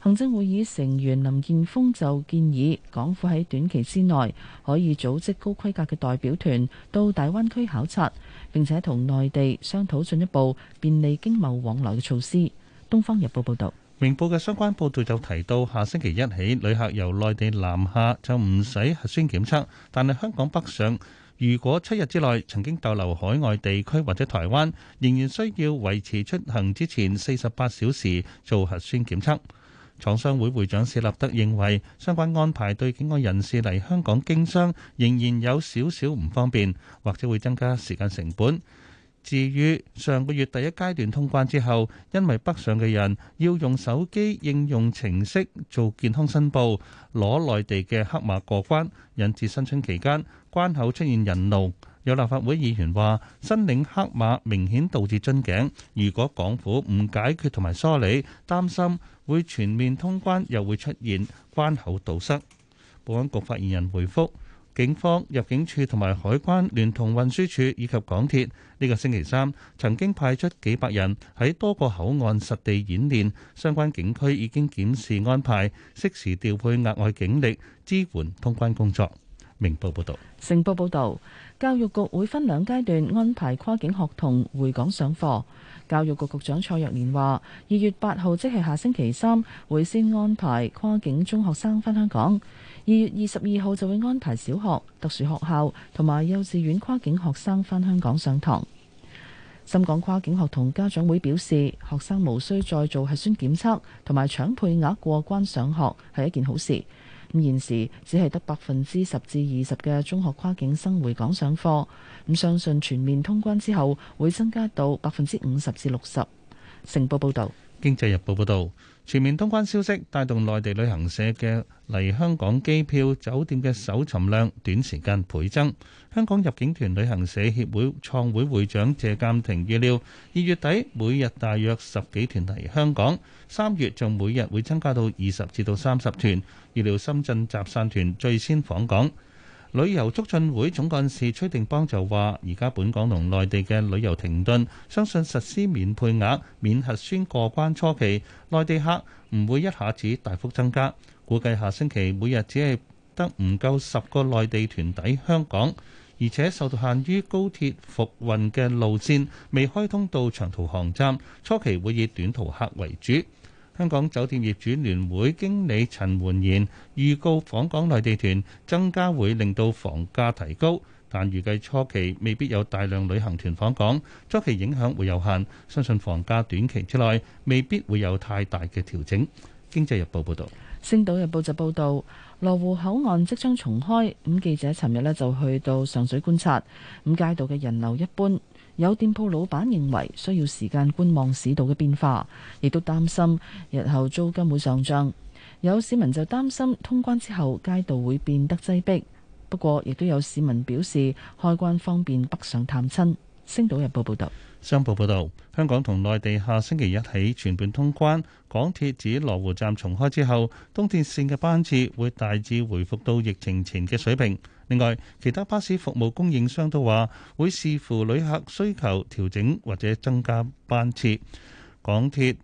行政會議成員林建峰就建議，港府喺短期之內可以組織高規格嘅代表團到大灣區考察，並且同內地商討進一步便利經貿往來嘅措施。《東方日報》報導，明報嘅相關報導就提到，下星期一起，旅客由內地南下就唔使核酸檢測，但係香港北上。如果七日之內曾經逗留海外地區或者台灣，仍然需要維持出行之前四十八小時做核酸檢測。廠商會會長史立德認為，相關安排對境外人士嚟香港經商仍然有少少唔方便，或者會增加時間成本。至於上個月第一階段通關之後，因為北上嘅人要用手機應用程式做健康申報，攞內地嘅黑馬過關，引致新春期間關口出現人龍。有立法會議員話，申領黑馬明顯導致樽頸，如果港府唔解決同埋疏理，擔心會全面通關又會出現關口堵塞。保安局發言人回覆。警方、入境處同埋海關聯同運輸署以及港鐵，呢個星期三曾經派出幾百人喺多個口岸實地演練，相關警區已經檢視安排，適時調配額外警力支援通關工作。明報報道：「成報報道，教育局會分兩階段安排跨境學童回港上課。教育局局長蔡若蓮話：二月八號即係下星期三，會先安排跨境中學生返香港。二月二十二號就會安排小學、特殊學校同埋幼稚園跨境學生返香港上堂。深港跨境學童家長會表示，學生無需再做核酸檢測同埋搶配額過關上學係一件好事。咁現時只係得百分之十至二十嘅中學跨境生回港上課。咁相信全面通關之後會增加到百分之五十至六十。《成報》報道。《經濟日報》報道。全面通關消息,帶動內地旅行社嘅嚟香港機票,酒店嘅搜尋量,短時間倍增。香港入境團旅行社,協會,創會會長,謝鑑庭預料。二月底,每日大約十幾團嚟香港。三月,每日會增加到二十至到三十團。預料深圳集散團,最先訪港。旅遊促進會總幹事崔定邦就話，而家本港同內地嘅旅遊停頓，相信實施免配額、免核酸過關初期，內地客唔會一下子大幅增加。估計下星期每日只係得唔夠十個內地團抵香港，而且受限於高鐵復運嘅路線，未開通到長途航站，初期會以短途客為主。香港酒店業主聯會經理陳煥賢預告，訪港內地團增加會令到房價提高，但預計初期未必有大量旅行團訪港，初期影響會有限，相信房價短期之內未必會有太大嘅調整。經濟日報報道。星島日報就報道羅湖口岸即將重開，咁記者尋日咧就去到上水觀察，咁街道嘅人流一般。有店鋪老闆認為需要時間觀望市道嘅變化，亦都擔心日後租金會上漲。有市民就擔心通關之後街道會變得擠迫，不過亦都有市民表示開關方便北上探親。星島日報報道。商報報道，香港同內地下星期一起全面通關，港鐵指羅湖站重開之後，東鐵線嘅班次會大致回復到疫情前嘅水平。另外，其他巴士服務供應商都話會視乎旅客需求調整或者增加班次。港鐵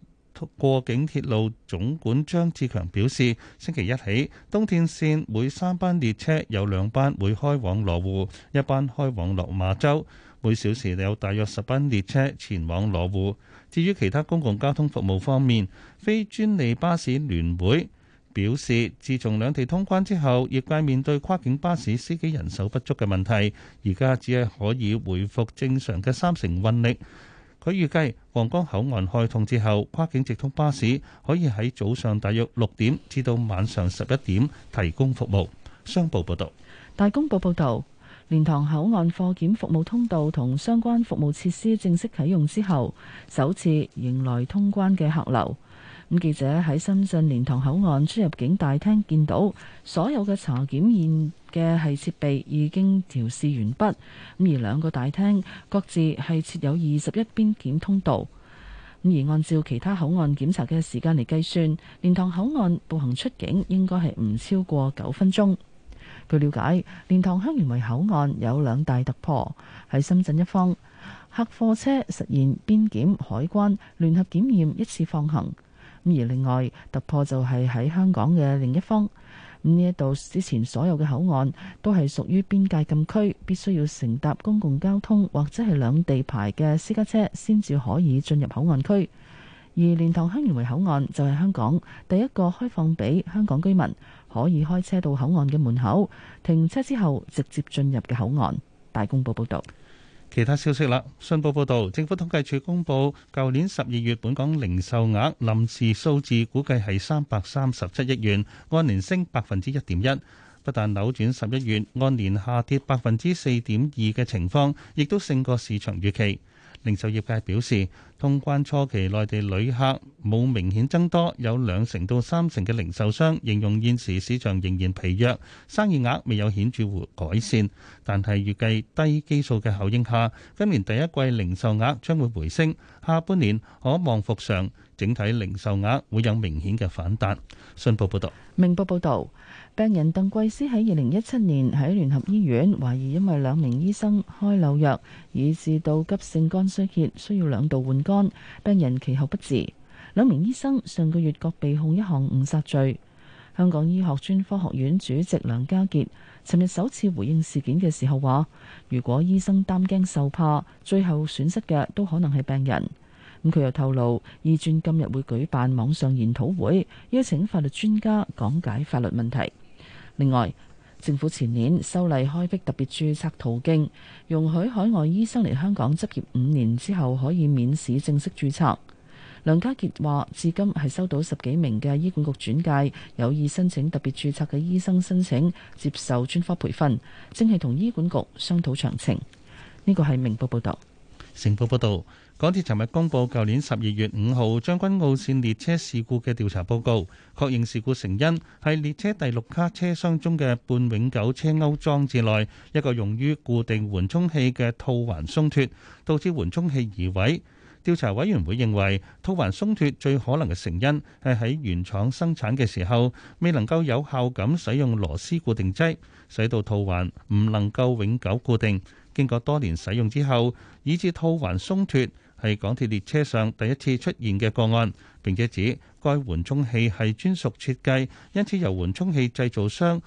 過境鐵路總管張志強表示，星期一起，東鐵線每三班列車有兩班會開往羅湖，一班開往落馬洲。每小時有大約十班列車前往羅湖。至於其他公共交通服務方面，非專利巴士聯會，表示，自從兩地通關之後，業界面對跨境巴士司機人手不足嘅問題，而家只係可以恢復正常嘅三成運力。佢預計皇崗口岸開通之後，跨境直通巴士可以喺早上大約六點至到晚上十一點提供服務。商報報導，大公報報導，蓮塘口岸貨檢服務通道同相關服務設施正式啟用之後，首次迎來通關嘅客流。咁記者喺深圳蓮塘口岸出入境大廳見到，所有嘅查檢驗嘅係設備已經調試完畢。咁而兩個大廳各自係設有二十一邊檢通道。咁而按照其他口岸檢查嘅時間嚟計算，蓮塘口岸步行出境應該係唔超過九分鐘。據了解，蓮塘香園圍口岸有兩大突破，喺深圳一方，客貨車實現邊檢、海關聯合檢驗一次放行。而另外突破就係喺香港嘅另一方，呢一度之前所有嘅口岸都係屬於邊界禁區，必須要乘搭公共交通或者係兩地牌嘅私家車先至可以進入口岸區。而蓮塘香園圍口岸就係香港第一個開放俾香港居民可以開車到口岸嘅門口停車之後直接進入嘅口岸。大公報報道。其他消息啦，信報報導，政府統計處公布，舊年十二月本港零售額臨時數字估計係三百三十七億元，按年升百分之一點一，不但扭轉十一月按年下跌百分之四點二嘅情況，亦都勝過市場預期。零售業界表示，通關初期內地旅客冇明顯增多，有兩成到三成嘅零售商形容現時市場仍然疲弱，生意額未有顯著改善。但係預計低基數嘅效應下，今年第一季零售額將會回升，下半年可望復常，整體零售額會有明顯嘅反彈。信報報導道，明報報導。病人鄧桂思喺二零一七年喺聯合醫院懷疑，因為兩名醫生開漏藥，以致到急性肝衰竭，需要兩度換肝。病人其後不治。兩名醫生上個月各被控一項誤殺罪。香港醫學專科學院主席梁嘉傑尋日首次回應事件嘅時候話，如果醫生擔驚受怕，最後損失嘅都可能係病人。咁佢又透露，醫專今日會舉辦網上研討會，邀請法律專家講解法律問題。另外，政府前年修例開闢特別註冊途徑，容許海外醫生嚟香港執業五年之後可以免試正式註冊。梁家杰話，至今係收到十幾名嘅醫管局轉介有意申請特別註冊嘅醫生申請接受專科培訓，正係同醫管局商討詳情。呢個係明報報道、成報報道。港鐵尋日公布舊年十二月五號將軍澳線列車事故嘅調查報告，確認事故成因係列車第六卡車廂中嘅半永久車鈎裝置內一個用於固定緩衝器嘅套環鬆脱，導致緩衝器移位。調查委員會認為，套環鬆脱最可能嘅成因係喺原廠生產嘅時候未能夠有效咁使用螺絲固定劑，使到套環唔能夠永久固定，經過多年使用之後，以致套環鬆脱。係港鐵列車上第一次出現嘅個案，並且指該緩衝器係專屬設計，因此由緩衝器製造商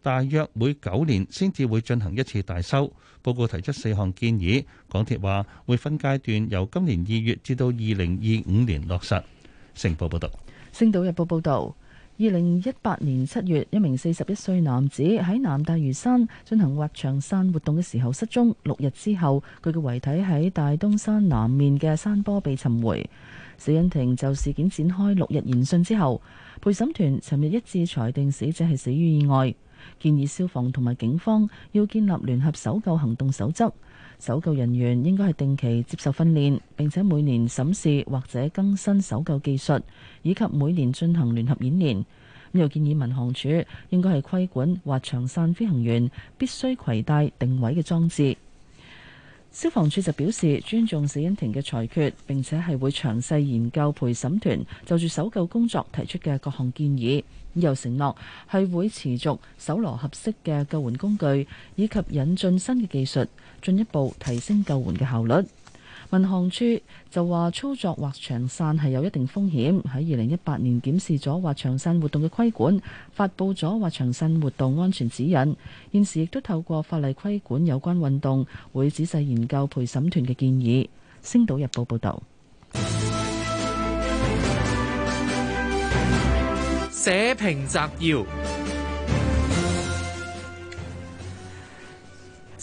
大約每九年先至會進行一次大修。報告提出四項建議，港鐵話會分階段由今年二月至到二零二五年落實。成報報道，《星島日報》報道。二零一八年七月，一名四十一歲男子喺南大嶼山進行滑翔傘活動嘅時候失蹤。六日之後，佢嘅遺體喺大東山南面嘅山坡被尋回。死因庭就事件展開六日研訊之後，陪審團尋日一致裁定死者係死於意外，建議消防同埋警方要建立聯合搜救行動守則。搜救人員應該係定期接受訓練，並且每年審視或者更新搜救技術，以及每年進行聯合演練。又建議民航處應該係規管滑翔傘飛行員必須攜帶定位嘅裝置。消防處就表示尊重死因庭嘅裁決，並且係會詳細研究陪審團就住搜救工作提出嘅各項建議，又承諾係會持續搜羅合適嘅救援工具，以及引進新嘅技術。進一步提升救援嘅效率。民航處就話，操作滑翔傘係有一定風險。喺二零一八年檢視咗滑翔傘活動嘅規管，發布咗滑翔傘活動安全指引。現時亦都透過法例規管有關運動，會仔細研究陪審團嘅建議。星島日報報導。社評摘要。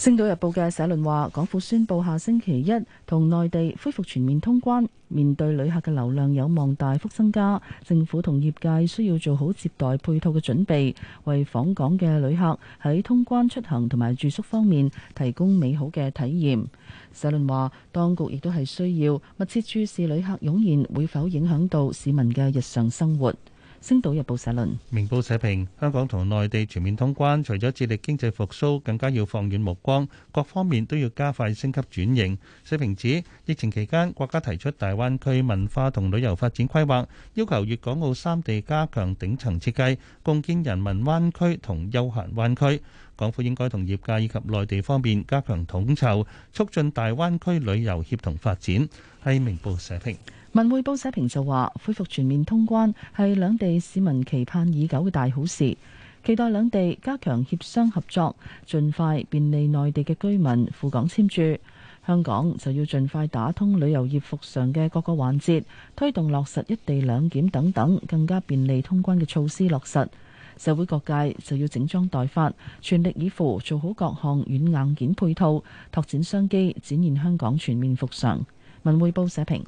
《星島日報》嘅社論話，港府宣布下星期一同內地恢復全面通關，面對旅客嘅流量有望大幅增加，政府同業界需要做好接待配套嘅準備，為訪港嘅旅客喺通關、出行同埋住宿方面提供美好嘅體驗。社論話，當局亦都係需要密切注視旅客湧現會否影響到市民嘅日常生活。星島日報社論，明報社評：香港同內地全面通關，除咗致力經濟復蘇，更加要放遠目光，各方面都要加快升級轉型。社評指，疫情期間，國家提出大灣區文化同旅遊發展規劃，要求粵港澳三地加強頂層設計，共建人文灣區同休閒灣區。港府應該同業界以及內地方面加強統籌，促進大灣區旅遊協同發展。係明報社評。文匯報社評就話：恢復全面通關係兩地市民期盼已久嘅大好事，期待兩地加強協商合作，盡快便利內地嘅居民赴港簽注。香港就要盡快打通旅遊業復常嘅各個環節，推動落實一地兩檢等等更加便利通關嘅措施落實。社會各界就要整裝待發，全力以赴做好各項軟硬件配套，拓展商機，展現香港全面復常。文匯報社評。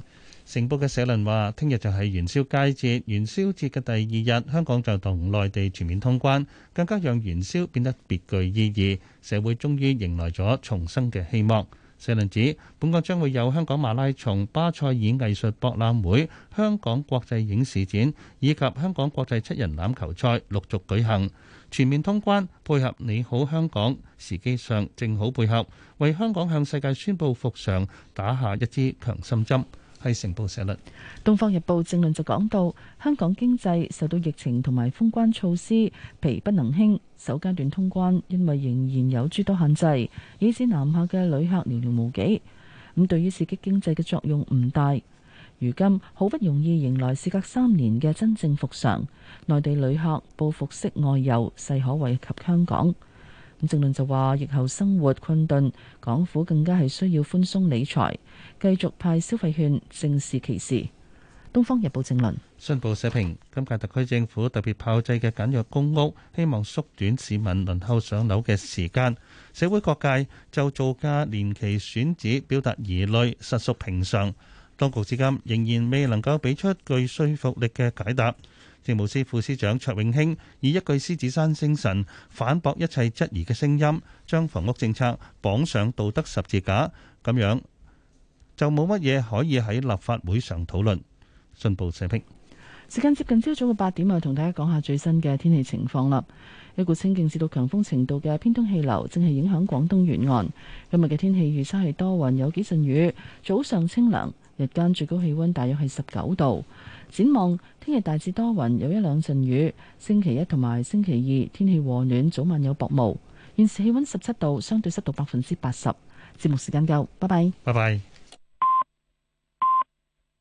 成報嘅社論話：聽日就係元宵佳節，元宵節嘅第二日，香港就同內地全面通關，更加讓元宵變得別具意義。社會終於迎來咗重生嘅希望。社論指，本港將會有香港馬拉松、巴塞爾藝術博覽會、香港國際影視展以及香港國際七人欖球賽陸續舉行。全面通關配合你好香港，時機上正好配合，為香港向世界宣布復常打下一枝強心針。《星報》寫論，《東方日報》正論就講到香港經濟受到疫情同埋封關措施皮不能輕。首階段通關，因為仍然有諸多限制，以至南下嘅旅客寥寥無幾，咁對於刺激經濟嘅作用唔大。如今好不容易迎來事隔三年嘅真正復常，內地旅客報復式外遊，勢可惠及香港。政論就話疫後生活困頓，港府更加係需要寬鬆理財繼續派消費券正是其時。東方日報政論。信報社評：今屆特區政府特別炮製嘅簡約公屋，希望縮短市民輪候上樓嘅時間。社會各界就造價、年期、選址表達疑慮，實屬平常。當局至今仍然未能夠俾出具說服力嘅解答。政務司副司長卓永興以一句獅子山精神反駁一切質疑嘅聲音，將房屋政策綁上道德十字架，咁樣就冇乜嘢可以喺立法會上討論。信報社評，時間接近朝早嘅八點啊，同大家講下最新嘅天氣情況啦。一股清勁至到強風程度嘅偏東氣流正係影響廣東沿岸。今日嘅天氣預測係多雲有幾陣雨，早上清涼，日間最高氣溫大約係十九度。展望。聽日大致多雲，有一兩陣雨。星期一同埋星期二天氣和暖，早晚有薄霧。現時氣温十七度，相對濕度百分之八十。節目時間夠，拜拜。拜拜。